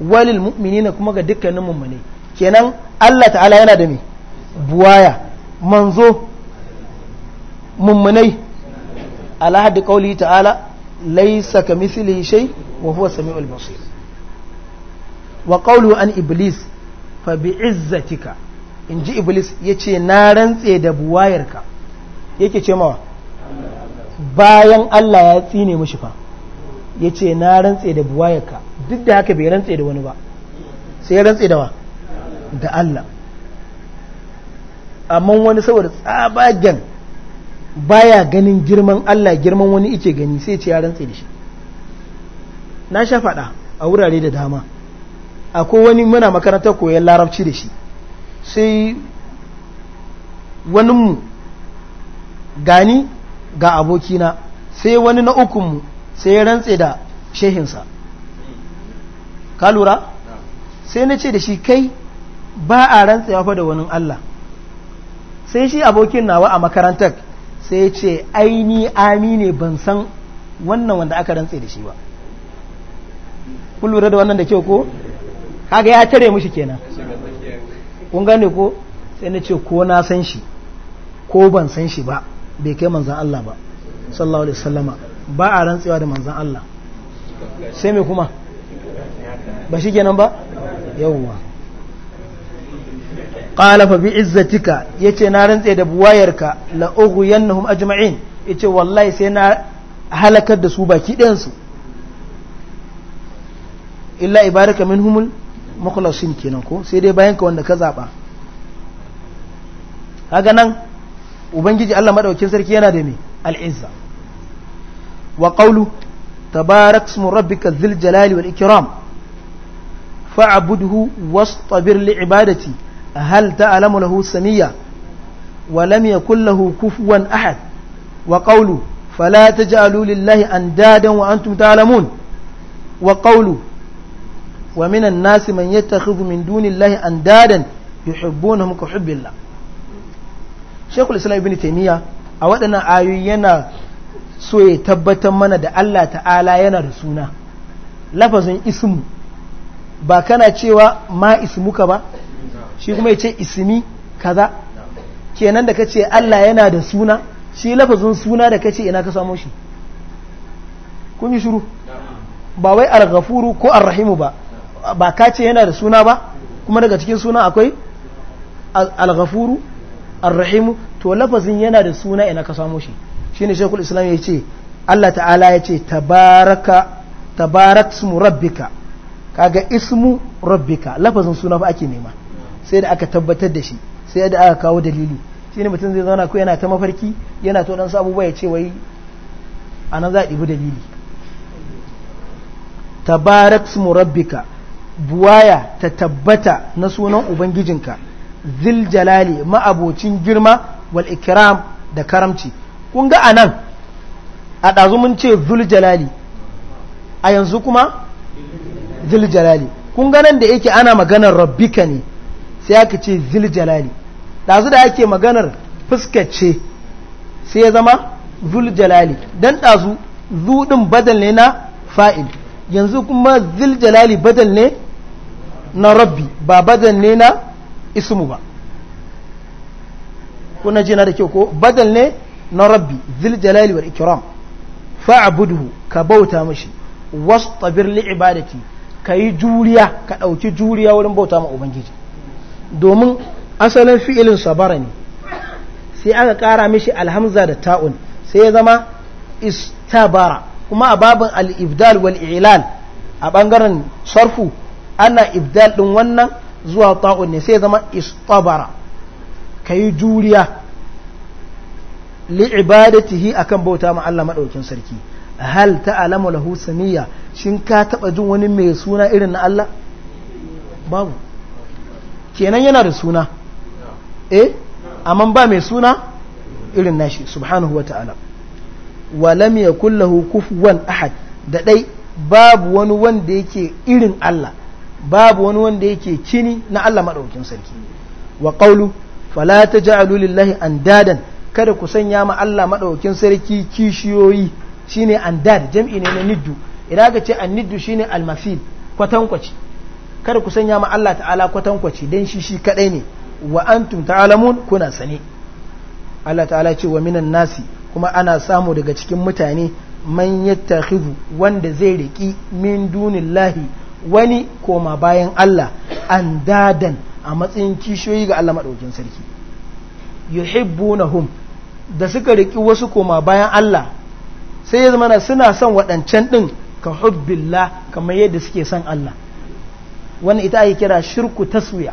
walil mu'minina kuma ga dukkanin mummune kenan Allah ta'ala yana da me buwaya manzo mummunai ta'ala laisa ka mislihi wa huwa sami basir wa qawlu an iblis fa bi'izzatika inji iblis yace na rantse da buwayarka yake ce mawa bayan Allah ya tsine mashi fa yace na rantse da buwayarka duk da haka bai rantse da wani ba sai ya rantse da wa da Allah amma wani saboda tsabagen baya ganin girman Allah girman wani ike gani sai ce ya rantse da shi na sha faɗa a wurare da dama akwai wani muna makarantar koyon larabci da shi sai waninmu gani ga abokina sai wani na ukunmu sai ya rantse da shehinsa ka lura sai na ce da shi kai ba a rantse fa da wani Allah sai shi abokin nawa a makarantar sai ce aini ami ban san wannan wanda aka rantse da shi ba kun lura da wannan da kyau ko kaga ya tare mushi kenan kun gane ko sai na ce ko na san shi ko ban san shi ba bai kai manzan Allah ba sallallahu alaihi wasallama ba a rantsewa da manzan Allah sai me kuma ba shi kenan ba yawwa qala fa bi izzatika yace na rantse da buwayarka la ughyanhum ajma'in yace wallahi sai na halakar da su baki ɗayan su illa ibaraka minhumul mukhlasin kenan ko sai dai bayan ka wanda ka zaba kaga nan ubangiji Allah madaukakin sarki yana da me alizza wa qawlu tabarak ismu rabbika dhil jalali wal ikram fa'budhu wastabir li ibadati هل تعلم له سميا ولم يكن له كفوا أحد وقوله فلا تجعلوا لله أندادا وأنتم تعلمون وقوله ومن الناس من يتخذ من دون الله أندادا يحبونهم كحب الله شيخ الإسلام ابن تيمية a waɗannan ayoyi yana so ya tabbatar mana da Allah ta'ala yana da suna lafazin ismu ba kana cewa ma ismuka ba shi kuma ya ce ismi kaza kenan da kace Allah yana da suna shi lafazin suna da kace ina ka samu shi kun yi shiru ba wai al-ghafuru ko ar-rahimu ba ba ka ce yana da suna ba kuma daga cikin suna akwai al-ghafuru ar-rahimu to lafazin yana da suna ina ka samu shi shine shekul islam ya ce Allah ta'ala ya ce tabaraka tabarak ismu rabbika kaga ismu rabbika lafazin suna ba ake nema sai da aka tabbatar da shi sai da aka kawo dalili shi ne mutum zai zauna ko yana ta mafarki yana to dan abubuwa ya ce wai a nan za a ɗibi dalili tabarak su rabbika buwaya ta tabbata na sunan ubangijinka zil jalali ma'abocin girma wal ikram da karamci kun ga a nan a ɗazu mun ce zil jalali a yanzu kuma zil jalali kun ganin da yake ana maganar rabbika ne sai aka ce zil jalali ɗazu da ake maganar fuskace sai ya zama zul jalali dan ɗazu zu ɗin badal ne na fa'il yanzu kuma zil jalali badal ne na rabbi ba badal ne na ismu ba kuna jina da kyau ko badal ne na rabbi zil jalali wal ikram fa'budhu ka bauta mashi wastabir li ibadati ka yi juriya ka ɗauki juriya wurin bauta ma ubangiji domin asalin fi'ilin sabara ne sai aka ƙara mishi alhamza da ta'un sai ya zama istabara kuma a babin al'ibdal wal a ɓangaren sarfu ana ibdal ɗin wannan zuwa ta'un ne sai ya zama istabara ka yi juriya li'ibadatihi akan bauta ma Allah maɗaukin sarki hal ta lahu samiyya shin ka taɓa jin wani mai suna irin na Allah babu kenan yana da suna eh amma ba mai suna irin nashi subhanahu wa ta'ala walam ya kullahu kufuwan ahad da dai babu wani wanda yake irin Allah babu wani wanda yake kini na Allah maɗaukin sarki wa qawlu fala taj'alu lillahi andadan kada ku sanya ma Allah maɗaukin sarki kishiyoyi shine andad jam'i ne na niddu idan ka ce an anniddu shine almasil kwatankwaci kada ku sanya ma Allah ta'ala kwatankwaci dan shi shi kaɗai ne wa antum ta'lamun kuna sani Allah ta'ala ce wa minan nasi kuma ana samu daga cikin mutane man yattakhidhu wanda zai riƙi min dunillahi wani koma bayan Allah an dadan a matsayin kishiyoyi ga Allah madaukin sarki yuhibbunahum da suka riki wasu koma bayan Allah sai ya zama suna son waɗancan ɗin ka hubbillah kamar yadda suke son Allah wannan ita ake kira shirku taswiya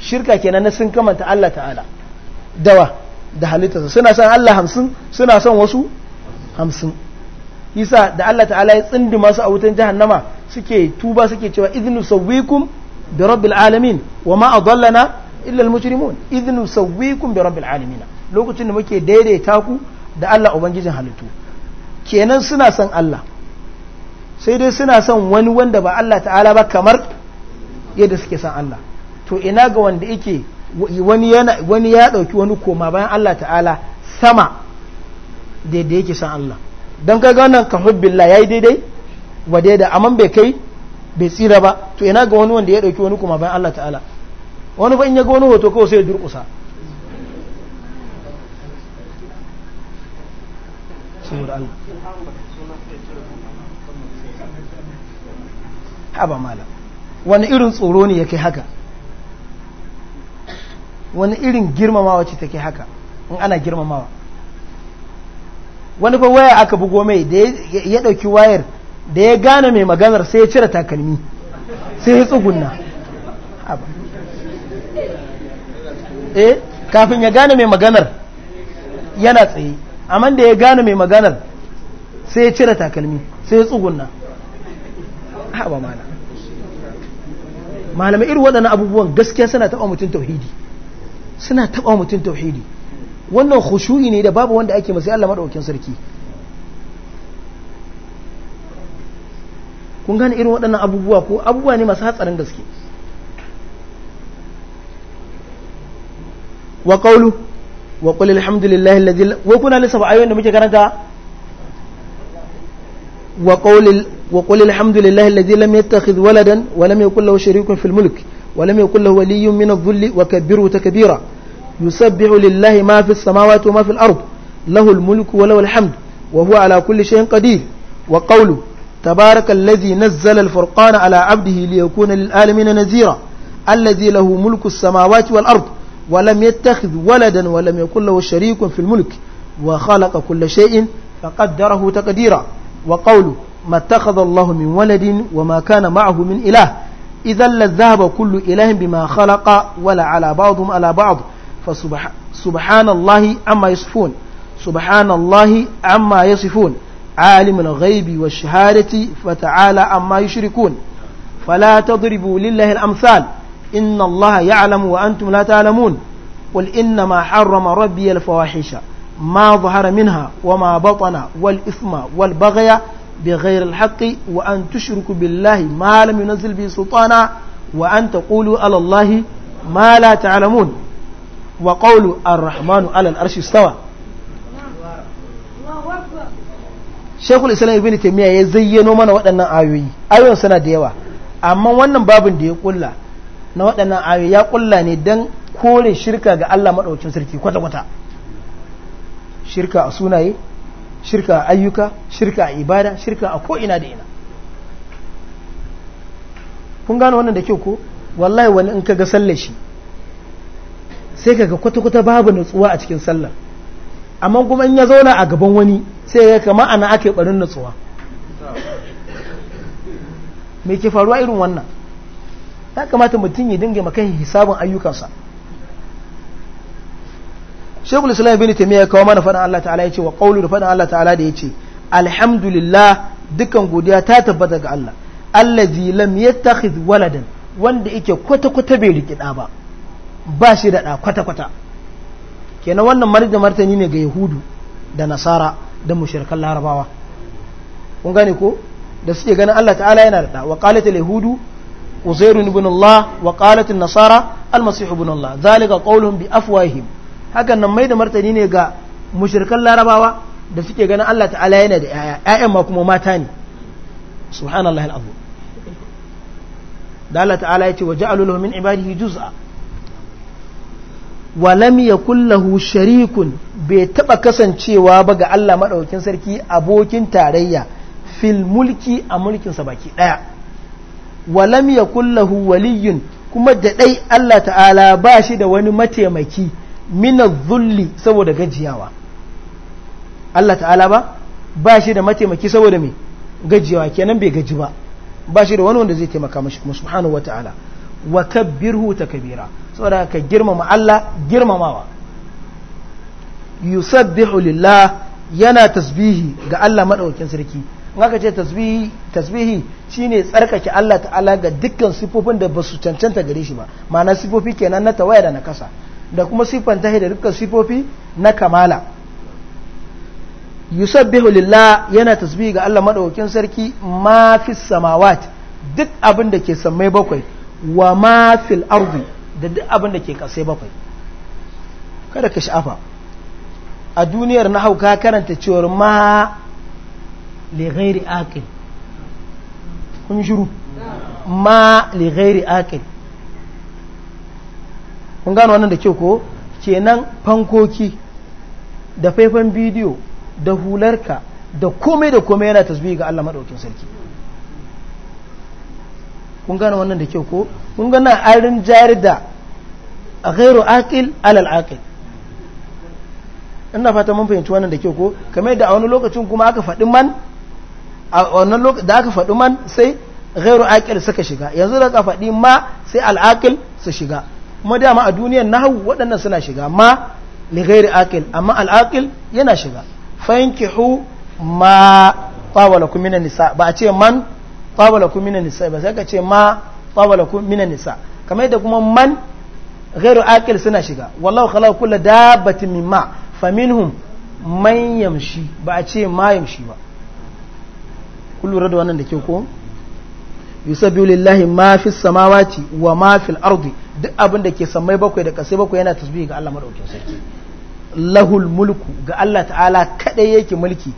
shirka kenan na sun kamanta Allah ta'ala dawa da halittarsa suna son Allah hamsin suna son wasu hamsin isa da Allah ta'ala ya tsindi masu a wutan jahannama suke tuba suke cewa idnu sawwikum da rabbil alamin wa ma adallana illa al mujrimun idnu sawwikum bi rabbil alamin lokacin da muke daidaita ku da Allah ubangijin halittu kenan suna son Allah sai dai suna son wani wanda ba Allah ta'ala ba kamar yadda suke san Allah to ina ga wanda yake wani yana wani ya dauki wani koma bayan Allah ta'ala sama da yadda yake san Allah dan ga wannan ka hubbillah yayi daidai wa daidai amma bai kai bai tsira ba to ina ga wani wanda ya dauki wani koma bayan Allah ta'ala wani ba in ya ga wani hoto kawai sai ya durkusa saboda Allah haba malam wani irin tsoro ne ya kai haka wani irin girmamawa ce take haka in ana girmamawa wani ba waya aka bugo mai da ya ɗauki wayar da ya gane mai maganar sai ya cire takalmi sai ya tsugunna eh kafin ya gane mai maganar yana tsaye amma da ya gane mai maganar sai ya cire takalmi sai ya tsugunna haɓa mana malamai irin waɗannan abubuwan gaskiya suna taɓa mutum tauhidi suna taɓa mutum tauhidi wannan khushu'i ne da babu wanda ake masu Allah maɗaukin sarki kun gane irin waɗannan abubuwa ko abubuwa ne masu hatsarin gaske wa qawlu wa qul alhamdulillahi alladhi wa kuna lissafa ayoyin da muke karanta wa qawli وقل الحمد لله الذي لم يتخذ ولدا ولم يكن له شريك في الملك ولم يكن له ولي من الظل وكبره تكبيرا يسبح لله ما في السماوات وما في الأرض له الملك وله الحمد وهو على كل شيء قدير وقوله تبارك الذي نزل الفرقان على عبده ليكون للآلمين نذيرا الذي له ملك السماوات والأرض ولم يتخذ ولدا ولم يكن له شريك في الملك وخلق كل شيء فقدره تقديرا وقوله ما اتخذ الله من ولد وما كان معه من إله إذا لذهب كل إله بما خلق ولا على بعضهم على بعض فسبحان الله عما يصفون سبحان الله عما يصفون عالم الغيب والشهادة فتعالى عما يشركون فلا تضربوا لله الأمثال إن الله يعلم وأنتم لا تعلمون قل إنما حرم ربي الفواحش ما ظهر منها وما بطن والإثم والبغي بغير الحق وأن تشركوا بالله ما لم ينزل به سلطانا وأن تقولوا على الله ما لا تعلمون وقولوا الرحمن على الأرش استوى shekul islam ibn Taymiyyah ya zayyano mana waɗannan ayoyi ayoyin suna da yawa amma wannan babin da ya kulla na waɗannan ayoyi ya kulla ne don kore shirka ga allah maɗaukin sarki kwata-kwata shirka a sunaye shirka a ayyuka shirka a ibada shirka a ko'ina da ina kun gano wannan da kyau ko wallahi wani in kaga sallar shi sai kaga kwata-kwata babu nutsuwa a cikin sallar amma kuma in ya zauna a gaban wani sai ya kama ana ake barin nutsuwa me ke faruwa irin wannan ya kamata mutum ya dinga makan hisabin ayyukansa shekul islam bin taimiyya ya kawo mana faɗin allah ta'ala ya ce wa ƙaulu da allah ta'ala da ya ce alhamdulillah dukan godiya ta tabbata ga allah allazi lam yattakhidh waladan wanda yake kwata kwata bai riki ɗa ba ba shi da ɗa kwata kwata kenan wannan marjan martani ne ga yahudu da nasara da mushrikan larabawa kun gane ko da suke ganin allah ta'ala yana da ɗa wa qalat yahudu uzairun ibn allah wa qalat nasara almasihu masih ibn allah zalika qawluhum bi afwahihim hakan nan mai da martani ne ga mushirkan larabawa da suke ganin Allah ta'ala yana da yaya yayan ma kuma mata ne subhanallahi alazim da Allah ta'ala yace waja'alu lahu min ibadihi juz'a wa lam yakul lahu sharikun bai taba kasancewa ba ga Allah madaukakin sarki abokin tarayya fil mulki a mulkinsa baki daya wa lam yakul lahu waliyyun kuma da dai Allah ta'ala ba shi da wani mataimaki mina zulli saboda gajiyawa Allah ta'ala ba ba shi da mataimaki saboda mai gajiyawa kenan bai gaji ba ba shi da wani wanda zai taimaka mashi kuma subhanahu wa ta'ala wa kabbirhu takbira saboda ka girmama Allah girmamawa yusabbihu lillah yana tasbihi ga Allah madaukakin sarki in aka ce tasbihi tasbihi shine tsarkake Allah ta'ala ga dukkan sifofin da basu cancanta gare shi ba ma'ana sifofi kenan na tawaya da na kasa da kuma siffanta shi da dukkan sifofi na kamala yusabbihu lillah yana tasbihi ga Allah madaukakin sarki ma fi samawat duk abin da ke samai bakwai wa ma fil ardi da duk abin da ke kasai bakwai kada ka sha'afa a duniyar na hauka karanta cewar ma li ghairi aqil kun shiru ma li ghairi kun gano wannan da kyau ko kenan fankoki da faifan bidiyo da hularka da komai da komai yana tasbihi ga Allah madaukin sarki kun gano wannan da kyau ko kun gano arin jarida a ghairu aqil alal aqil ina fata mun fahimci wannan da kyau ko kamar da a wani lokacin kuma aka faɗi man a wannan lokacin da aka faɗi man sai ghairu aqil suka shiga yanzu da aka faɗi ma sai al aqil su shiga kuma dama a duniyar nahu waɗannan suna shiga ma li ghairi aqil amma al yana shiga fankihu ma tawalakum minan nisa ba a ce man tawalakum minan nisa ba sai ka ce ma tawalakum minan nisa kamar yadda kuma man ghairu aqil suna shiga wallahu khalaqa kullu dabbatin mimma faminhum man yamshi ba a ce ma yamshi ba kun lura da wannan da ke ko yusabbihu lillahi ma fis samawati wa ma fil ardi duk abin da ke sammai bakwai da kasai bakwai yana tasbihi ga Allah madaukin sarki lahul mulku ga Allah ta'ala kadai yake mulki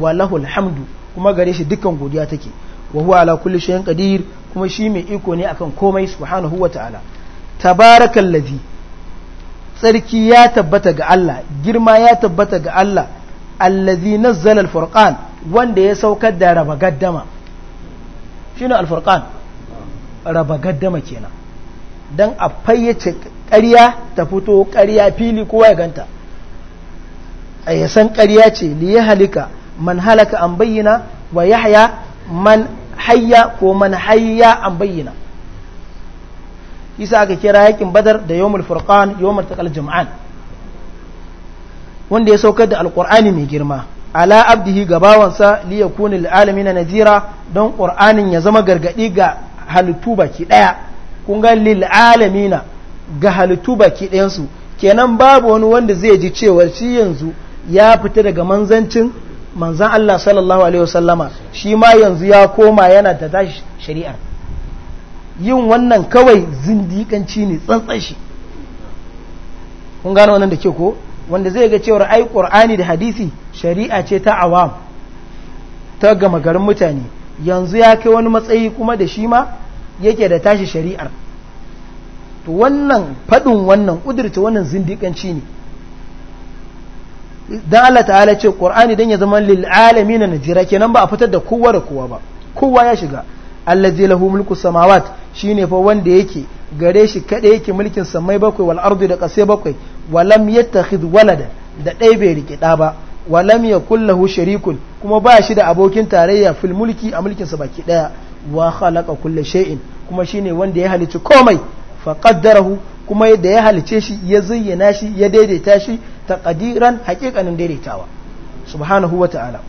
wa lahul hamdu kuma gare shi dukkan godiya take wa huwa ala kulli shay'in qadir kuma shi mai iko ne akan komai subhanahu wa ta'ala tabarakallazi tsarki ya tabbata ga Allah girma ya tabbata ga Allah allazi nazzala alfurqan wanda ya saukar da raba gaddama shine alfurqan raba gaddama kenan don a fayyace ƙarya ta fito ƙarya fili kowa ya ganta a yasan karya ce da ya halika man halaka an bayyana wa ya haya man hayya ko man hayya an bayyana isa aka kira yakin badar da yawmul furqan yawmul taqal jam'an wanda ya saukar da alƙur'ani mai girma ala abdihi gabawansa li yakuna lil na nazira don qur'anin ya zama gargadi ga halittu baki daya kun ga lil alamina ga halittu baki ɗayansu kenan babu wani wanda zai ji cewa shi yanzu ya fita daga manzancin manzan Allah sallallahu alaihi wasallama shi ma yanzu ya koma yana da tashi shari'ar yin wannan kawai zindikanci ne tsantsan shi kun gano wannan da ke ko wanda zai ga cewar ai qur'ani da hadisi shari'a ce ta awam ta gama garin mutane yanzu ya kai wani matsayi kuma da shi ma yake da tashi shari'ar to wannan faɗin wannan ƙudurta wannan zindiƙanci ne dan Allah ta'ala ce Qur'ani dan ya zama lil alamin na jira kenan ba a fitar da kowa da kowa ba kowa ya shiga Allah allazi lahu mulku samawat shine fa wanda yake gare shi kada yake mulkin samai bakwai wal ardi da kasai bakwai walam yattakhidh walada da dai bai rike da ba walam ya kullahu sharikun kuma ba shi da abokin tarayya fil mulki a mulkin sa baki ɗaya. wa khalaqa kulli shay'in kuma shine wanda ya halicci komai fa qaddarahu kuma yadda ya halice shi ya zayyana shi ya daidaita shi ta taqdiran haqiqanin daidaitawa subhanahu wa ta'ala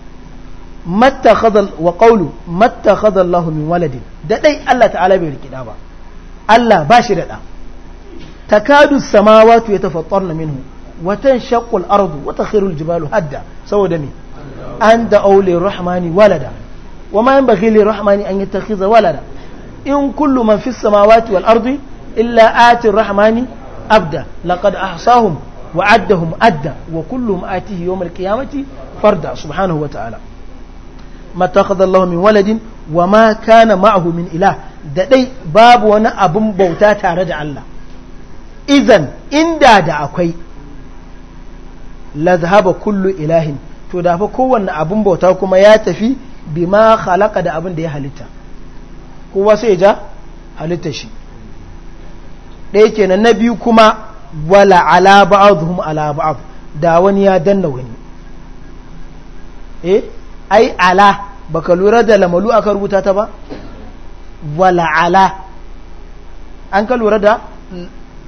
mattakhadha wa qawlu mattakhadha Allahu min waladin da dai Allah ta'ala bai rikida ba Allah ba shi da da takadu samawati yatafattarna minhu wa tanshaqqu al-ardu wa takhiru al-jibalu hadda saboda me an da aule rahmani walada وما ينبغي للرحمن أن يتخذ ولدا إن كل من في السماوات والأرض إلا آتي الرحمن أبدا لقد أحصاهم وعدهم أدى وكلهم آتيه يوم القيامة فردا سبحانه وتعالى ما اتخذ الله من ولد وما كان معه من إله da dai babu wani abin bauta tare da Allah idan inda da akwai la zahaba kullu ilahin to da fa kowanne abin bauta kuma ya tafi bima khalaqa da abin da ya halitta kowa sai ja halitta shi ɗaya kenan na biyu kuma wala ala ba'dhum ala ba'd da wani ya danna wani eh ai ala baka lura da lamalu aka rubuta ta ba wala ala an ka lura da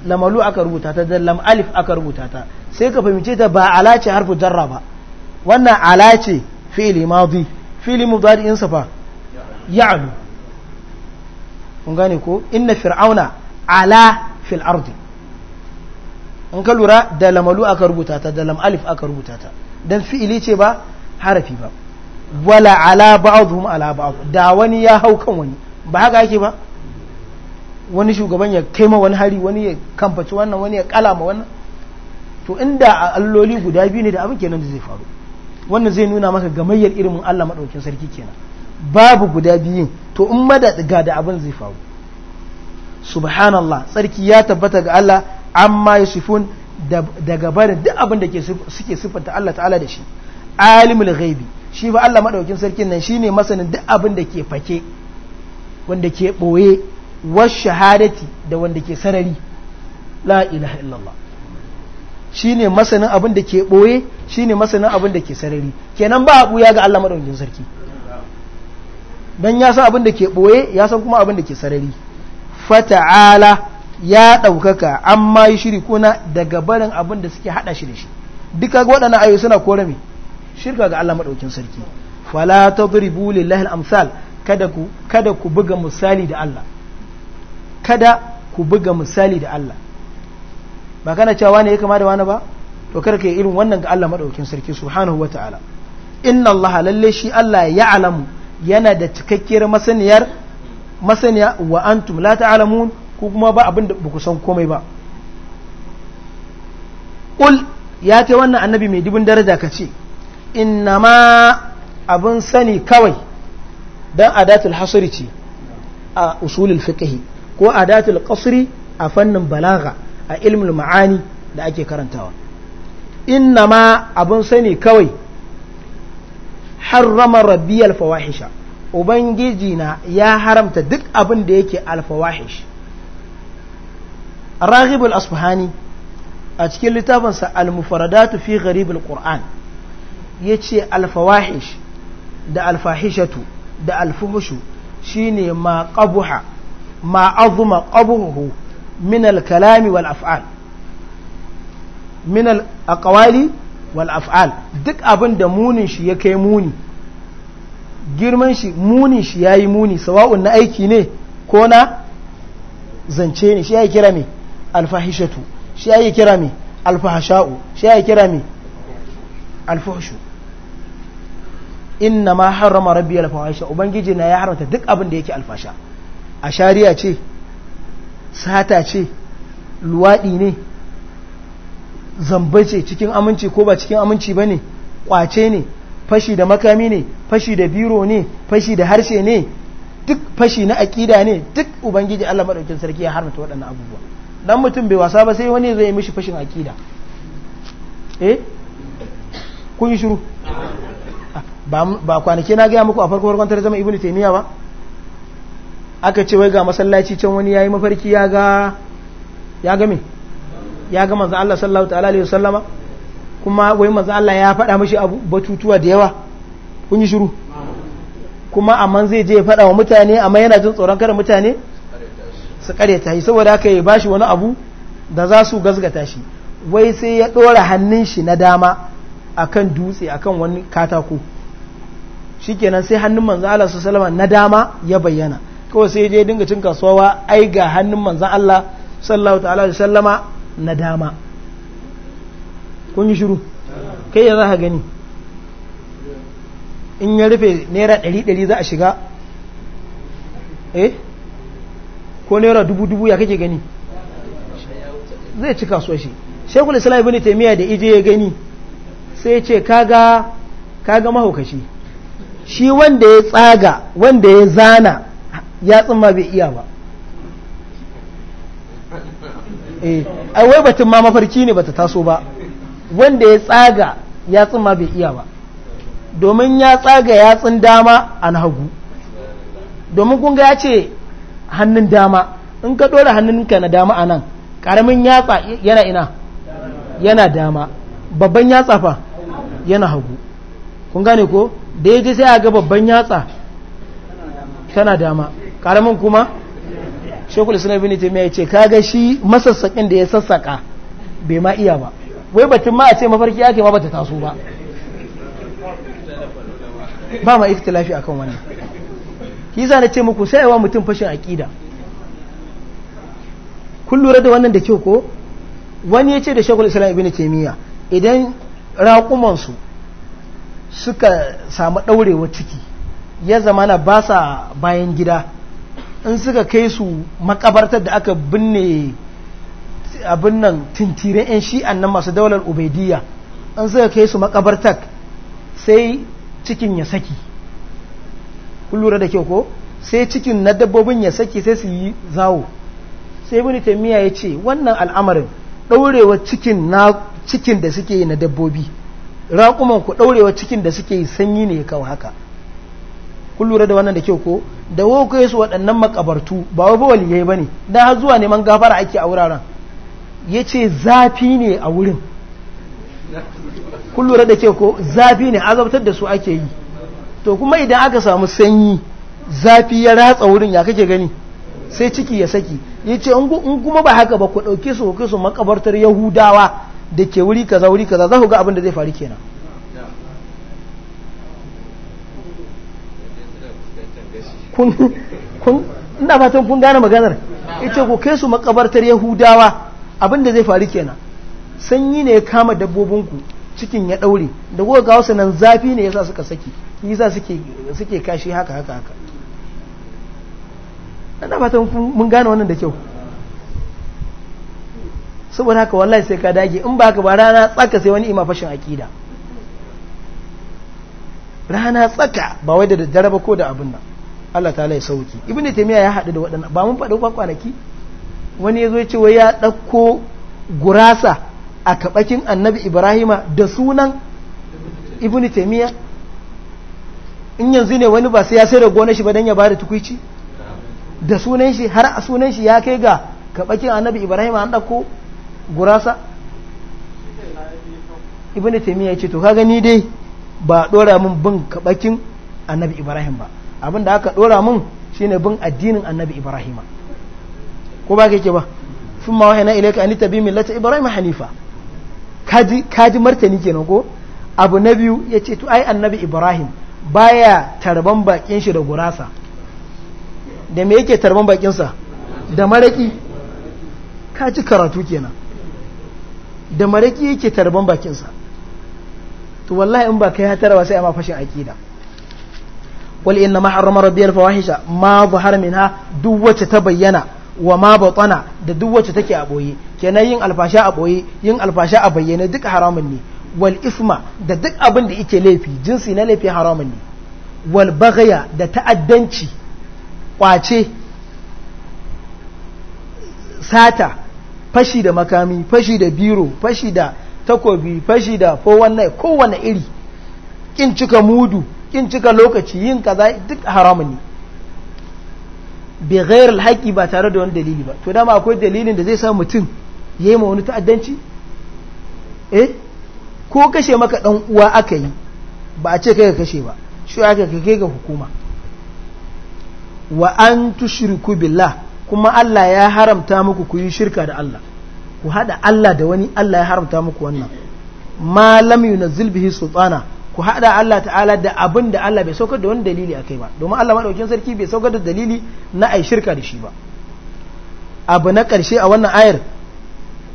lamalu aka rubuta ta da lam alif aka rubuta ta sai ka fahimce ta ba ala ce harfu jarra ba wannan ala ce fi'il madi fili mudari'insa fa ya'lu kun gane ko inna fir'auna ala fil ardi in ka lura da lamalu aka rubuta ta da lam alif aka rubuta ta dan fi'ili ce ba harafi ba wala ala ba'dhum ala ba'd da wani ya hau kan wani ba haka yake ba wani shugaban ya kai ma wani hari wani ya kamfaci wannan wani ya kalama wannan to inda alloli guda biyu ne da abin kenan da zai faru wannan zai nuna maka gamayyar ilimin Allah maɗaukin sarki kenan babu guda biyun to in ga da abin zai faru subhanallah sarki ya tabbata ga Allah amma yusufun daga barin duk abin da suke siffanta Allah ta'ala da shi alimul ghaibi shi ba Allah maɗaukin sarkin nan shine masanin duk abin da ke fake wanda ke ɓoye wasu shahadati da wanda ke sarari la ilaha illallah Shi ne masanin abin da ke ɓoye shi ne masanin abin da ke sarari kenan ba a ya ga Allah maɗaukin sarki don ya san abin da ke ɓoye ya san kuma abin da ke sarari fata'ala ya ɗaukaka amma yi shiri kuna daga barin abin da suke haɗa shi da shi duka waɗannan ayoyi suna kore mai shirka ga Allah maɗaukin sarki fala biri lillahi al-amsal kada ku buga misali da Allah ba cewa wani ya kama da wani ba to kar ka yi irin wannan ga Allah madaukakin sarki subhanahu wataala inna Allah lalle shi Allah ya alamu yana da cikakkiyar masaniyar masaniya wa antum la ta'lamun ku kuma ba abin da ba ku san komai ba qul ya kai wannan annabi mai dubin daraja ka ce inna ma abin sani kawai dan adatul hasri ce a usulul fiqh ko adatul qasri a fannin balagha a ilmin ma'ani da ake karantawa inna ma abin sani kawai harrama rabbi alfawahisha ubangiji na ya haramta duk abin da yake alfawahish rahibul asfahani a cikin littafinsa almufaradatu mufaradatu fi gharibul qur'an yace alfawahish da alfahishatu da alfuhushu shine ma qabuha ma azuma qabuhu Minal kalami wal af'al min al duk abinda munin shi ya kai muni girman shi munin shi yayi muni sawa'un na aiki ne ko na zance ne shi ya kira me alfahishatu shi ya kira me alfahasha'u shi ya kira me alfahshu inna ma harrama rabbi ubangiji na ya haramta duk abinda yake alfasha ce sata ce luwaɗi ne zamba cikin aminci ko ba cikin aminci ba ne ƙwace ne fashi da makami ne fashi da biro ne fashi da harshe ne duk fashi na aƙida ne duk ubangiji allah maɗaukin sarki ya harmata waɗannan abubuwa dan mutum bai wasa ba sai wani zai mishi fashin aƙida eh kun yi shiru ah, ba kwanaki na gaya muku a farko farkon zama ibnu taymiya ba aka ce wai ga masallaci can wani yayi mafarki ya ga ya ga me ya ga manzo Allah sallallahu ta'ala alaihi wasallama kuma wai manzo Allah ya faɗa mishi abu batutuwa da yawa kun yi shiru kuma amma zai je ya faɗa wa mutane amma yana jin tsoron kada mutane su ta shi saboda haka ya bashi wani abu da za su gazgata shi wai sai ya ɗora hannun shi na dama akan dutse akan wani katako shikenan sai hannun manzo Allah sallallahu alaihi wasallama na dama ya bayyana ko sai je dinga cin kasuwa ai ga hannun manzan Allah sallallahu ta'ala da sallama na dama kun yi shiru kai ya za ka gani in ya rufe naira ɗari ɗari za a shiga eh ko naira dubu dubu ya kake gani zai ci kasuwa shi shekul islam ibn taimiyya da ije ya gani sai ce kaga kaga mahaukaci shi wanda ya tsaga wanda ya zana ya tsimma bai iya ba eh ai wai batun ma mafarki ne bata taso ba wanda ya tsaga ya tsimma bai iya ba domin ya tsaga yatsun dama an hagu domin kunga ya ce hannun dama in ka ɗora hannunka na dama anan karamin ƙaramin yatsa yana ina yana dama babban yatsa fa yana hagu kun gane ko da ya ji sai a ga babban yatsa tana dama karamin kuma shekul islam ibn ta ya ce kaga shi masassakin da ya sassaka bai ma iya ba wai batun ma a ce mafarki ake ma bata taso ba ba ma lafiya kan wannan wani ki na ce muku sai yawa mutum fashin aƙida kun lura da wannan da kyau ko wani ya ce da shekul islam ibn taimiyya idan raƙumansu suka samu ɗaurewa ciki ya zamana ba sa bayan gida in suka kai su makabartar da aka binne abin nan tintire 'yan shi'an nan masu daular obediya in suka kai su makabartar sai cikin ya saki kullura da kyau ko sai cikin na dabbobin ya saki sai su yi zawo sai bini taimiyya ya ce wannan al'amarin daurewa cikin na cikin da suke yi na dabbobi raƙumanku ku ɗaurewa cikin da suke yi sanyi ne kawo haka kun lura da wannan da kyau ko da wokai su waɗannan makabartu ba wa ba waliyai bane dan har zuwa neman gafara ake a wuraren yace zafi ne a wurin kun da kyau ko zafi ne azabtar da su ake yi to kuma idan aka samu sanyi zafi ya ratsa wurin ya kake gani sai ciki ya saki yace in kuma ba haka ba ku dauke su ku su makabartar yahudawa da ke wuri kaza wuri kaza za ku ga abin da zai faru kenan ina fatan kun gane maganar ita ku kai su makabartar yahudawa abinda zai faru kenan sanyi ne ya kama dabbobin ku cikin ya daure da kuka ga wasu nan zafi ne yasa suka saki yasa suke suke kashi haka haka haka ina fatan mun gane wannan da kyau saboda haka wallahi sai ka dage in baka ba rana tsaka sai wani ima fashin akida rana tsaka ba wai da daddare ba ko da abin nan Allah ta lai sauki ibnu taymiya ya haɗu da waɗannan ba mun faɗo ba kwanaki wani ya zo ce wai ya ɗauko gurasa a kaɓakin annabi ibrahima da sunan ibnu taymiya in yanzu ne wani ba sai ya sai da gonar shi ba dan ya bada tukuici da sunan shi har a sunan shi ya kai ga kaɓakin annabi ibrahima an ɗauko gurasa ibnu taymiya ya ce to ka gani dai ba ɗora min bin kaɓakin annabi ibrahim ba abin da aka dora mun shine bin addinin annabi Ibrahim. ko ba ke ba sun ma wahana ilaika an tabi millata ibrahima hanifa kaji kaji martani kenan ko abu na biyu ya ce to ai annabi ibrahim baya tarban bakin shi da gurasa da me yake tarban sa da maraki kaji karatu kenan da maraki yake tarban sa to wallahi in ba kai hatarwa sai a fashin akida wal inna ma harrama rabbiyal fawahisha ma zahar minha duk wacce ta bayyana wa ma batana da duk wacce take a boye kenan yin alfasha a boye yin alfasha a bayyane duk haramun ne wal isma da duk abin da yake laifi jinsi na laifi haramun ne wal baghaya da ta'addanci kwace sata fashi da makami fashi da biro fashi da takobi fashi da ko wannan kowane iri kin cika mudu kin cika lokaci yin kaza duk haramun ne bi alhaqi ba tare da wani dalili ba to dama akwai dalilin da zai sa mutum yayi ma wani ta'addanci eh ko kashe maka dan uwa aka yi ba a ce kai ka kashe ba shi aka kai ga hukuma wa an tushriku billah kuma Allah ya haramta muku ku yi shirka da Allah ku hada Allah da wani Allah ya haramta muku wannan ma lam yunzil bihi sultana ku hada Allah ta'ala da abin da Allah bai saukar da wani dalili a kai ba domin Allah maɗaukin sarki bai saukar da dalili na ai shirka da shi ba abu na ƙarshe a wannan ayar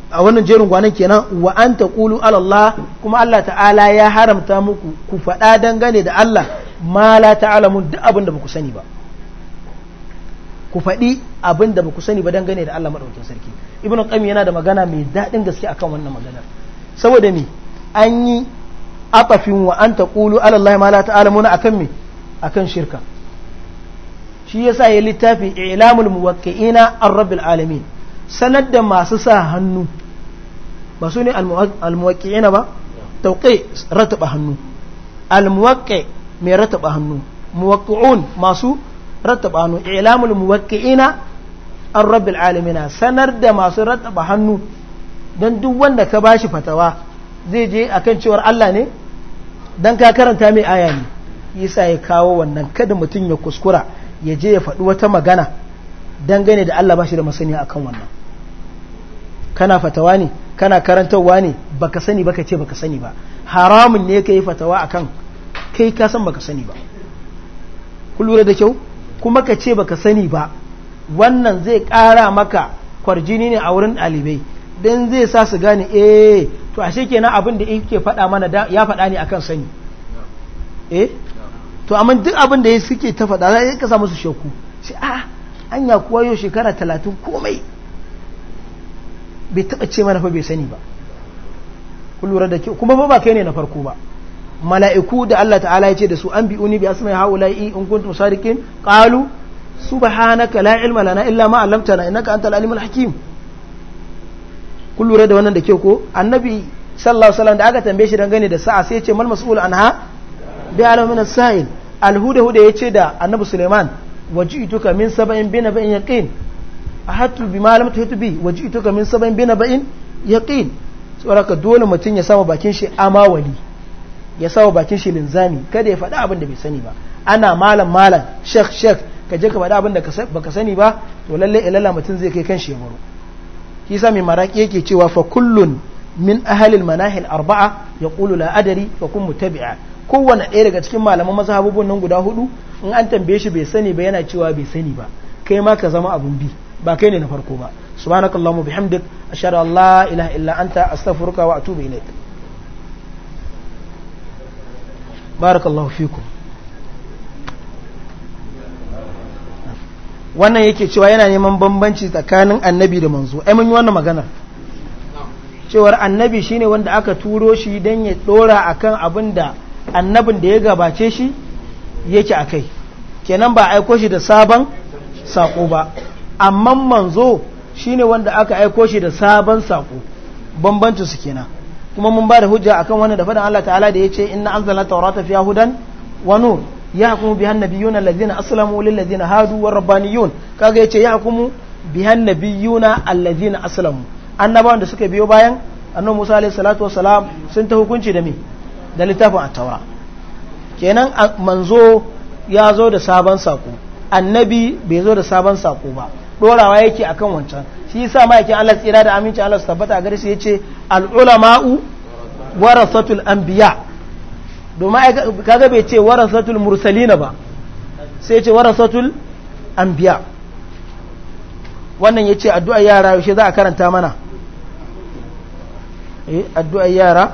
a wannan jerin gwanan kenan wa an ta ƙulu Allah kuma Allah ta'ala ya haramta muku ku faɗa dangane da Allah ma la ta'ala mun duk abin da sani ba ku faɗi abin da ku sani ba dangane da Allah maɗaukin sarki ibnu qayyim yana da magana mai daɗin gaske akan wannan maganar saboda me an yi atafin wa an ta ala alallahi ma la ta'lamuna akan me akan shirka shi yasa ya littafi ilamul muwaqqi'ina ar-rabbil alamin sanar da masu sa hannu ba su ne al-muwaqqi'ina ba tauqi rataba hannu al-muwaqqi mai rataba hannu muwaqqi'un masu rataba hannu ilamul muwaqqi'ina ar-rabbil alamin sanar da masu rataba hannu dan duk wanda ka bashi fatawa zai je akan cewar Allah ne don ka karanta mai aya ne yasa ya kawo wannan kada mutum ya kuskura ya je ya faɗi wata magana dangane da Allah ba shi da masaniya akan wannan kana fatawa ne kana karantarwa ne baka sani baka ce baka sani ba haramun ne ka yi fatawa akan kai ka san baka sani ba ku lura da kyau kuma ka ce baka sani ba wannan zai ƙara maka kwarjini ne a wurin ɗalibai don zai sa su gane eh to a ashe kenan abin da yake faɗa mana ya faɗa ne akan sani eh to amma duk abin da ya suke ta faɗa za ka kasa musu shakku shi a an ya kuwa yau shekara talatin komai bai taɓa ce mana fa bai sani ba kun da kyau kuma ba kai ne na farko ba mala'iku da Allah ta'ala ya ce da su an bi uni bi asma'i haula'i in kuntum sadiqin qalu subhanaka la ilma lana illa ma 'allamtana innaka antal alimul hakim kun lura da wannan da kyau ko annabi sallallahu alaihi da aka tambaye shi dangane da sa'a sai ya ce mal mas'ul anha bi alamin sa'il al huda huda yace da annabi suleiman waji'tuka min sab'in bi nab'in yaqin ahatu bi ma lam tuhit bi waji'tuka min sab'in bi nab'in yaqin saboda dole mutun ya samu bakin shi amawali ya samu bakin shi linzami kada ya faɗa abin da bai sani ba ana malam malam shek shek ka je ka faɗa abin da baka sani ba to lalle ilalla mutun zai kai kanshi ya baro yasa mai maraki yake cewa fa kullun min ahalil manahil arba'a ya ƙulu la'adari fa kun mutabi'a kowanne ɗaya daga cikin malaman mazhabubun nan guda hudu in an tambaye shi bai sani ba yana cewa bai sani ba kai ma ka zama abun bi ba kai ne na farko ba subhanakallahumma bihamdik ashhadu an la ilaha illa anta astaghfiruka wa atubu ilaik barakallahu fikum wannan yake cewa yana neman bambanci tsakanin annabi da manzo ai mun yi wannan magana cewar annabi shine wanda aka turo shi don ya dora akan abin da annabin da ya gabace shi yake akai kenan ba aiko shi da sabon sako ba amma manzo shine wanda aka aiko shi da sabon sako bambancin su kenan kuma mun ba da hujja akan wannan da faɗin Allah ta'ala da yace inna anzalna tawrata fiha hudan wa nur yahkumu bihan nabiyuna allazina aslamu lil ladina hadu war rabbaniyun kaga yace yahkumu bihan nabiyuna allazina aslamu annabawan da suka biyo bayan annabi Musa alayhi salatu wassalam sun ta hukunci da me da littafin at-taura kenan manzo ya zo da sabon sako annabi bai zo da sabon sako ba dorawa yake akan wancan shi yasa ma'aikin Allah tsira da aminci Allah su tabbata a gare shi yace al-ulama'u warasatul anbiya' domin kaga bai ce warasatul mursalina ba sai ce warasatul anbiya wannan ya ce addu'a yara yaushe za a karanta mana eh, addu'a yara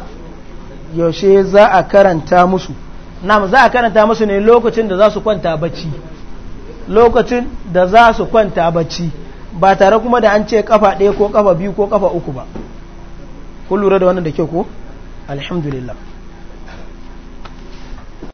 yaushe za a karanta musu na za a karanta musu ne lokacin da za su kwanta bacci lokacin da za su kwanta bacci ba tare kuma da an ce kafa ɗaya ko kafa biyu ko kafa uku ba kun lura da wannan da ke ko alhamdulillah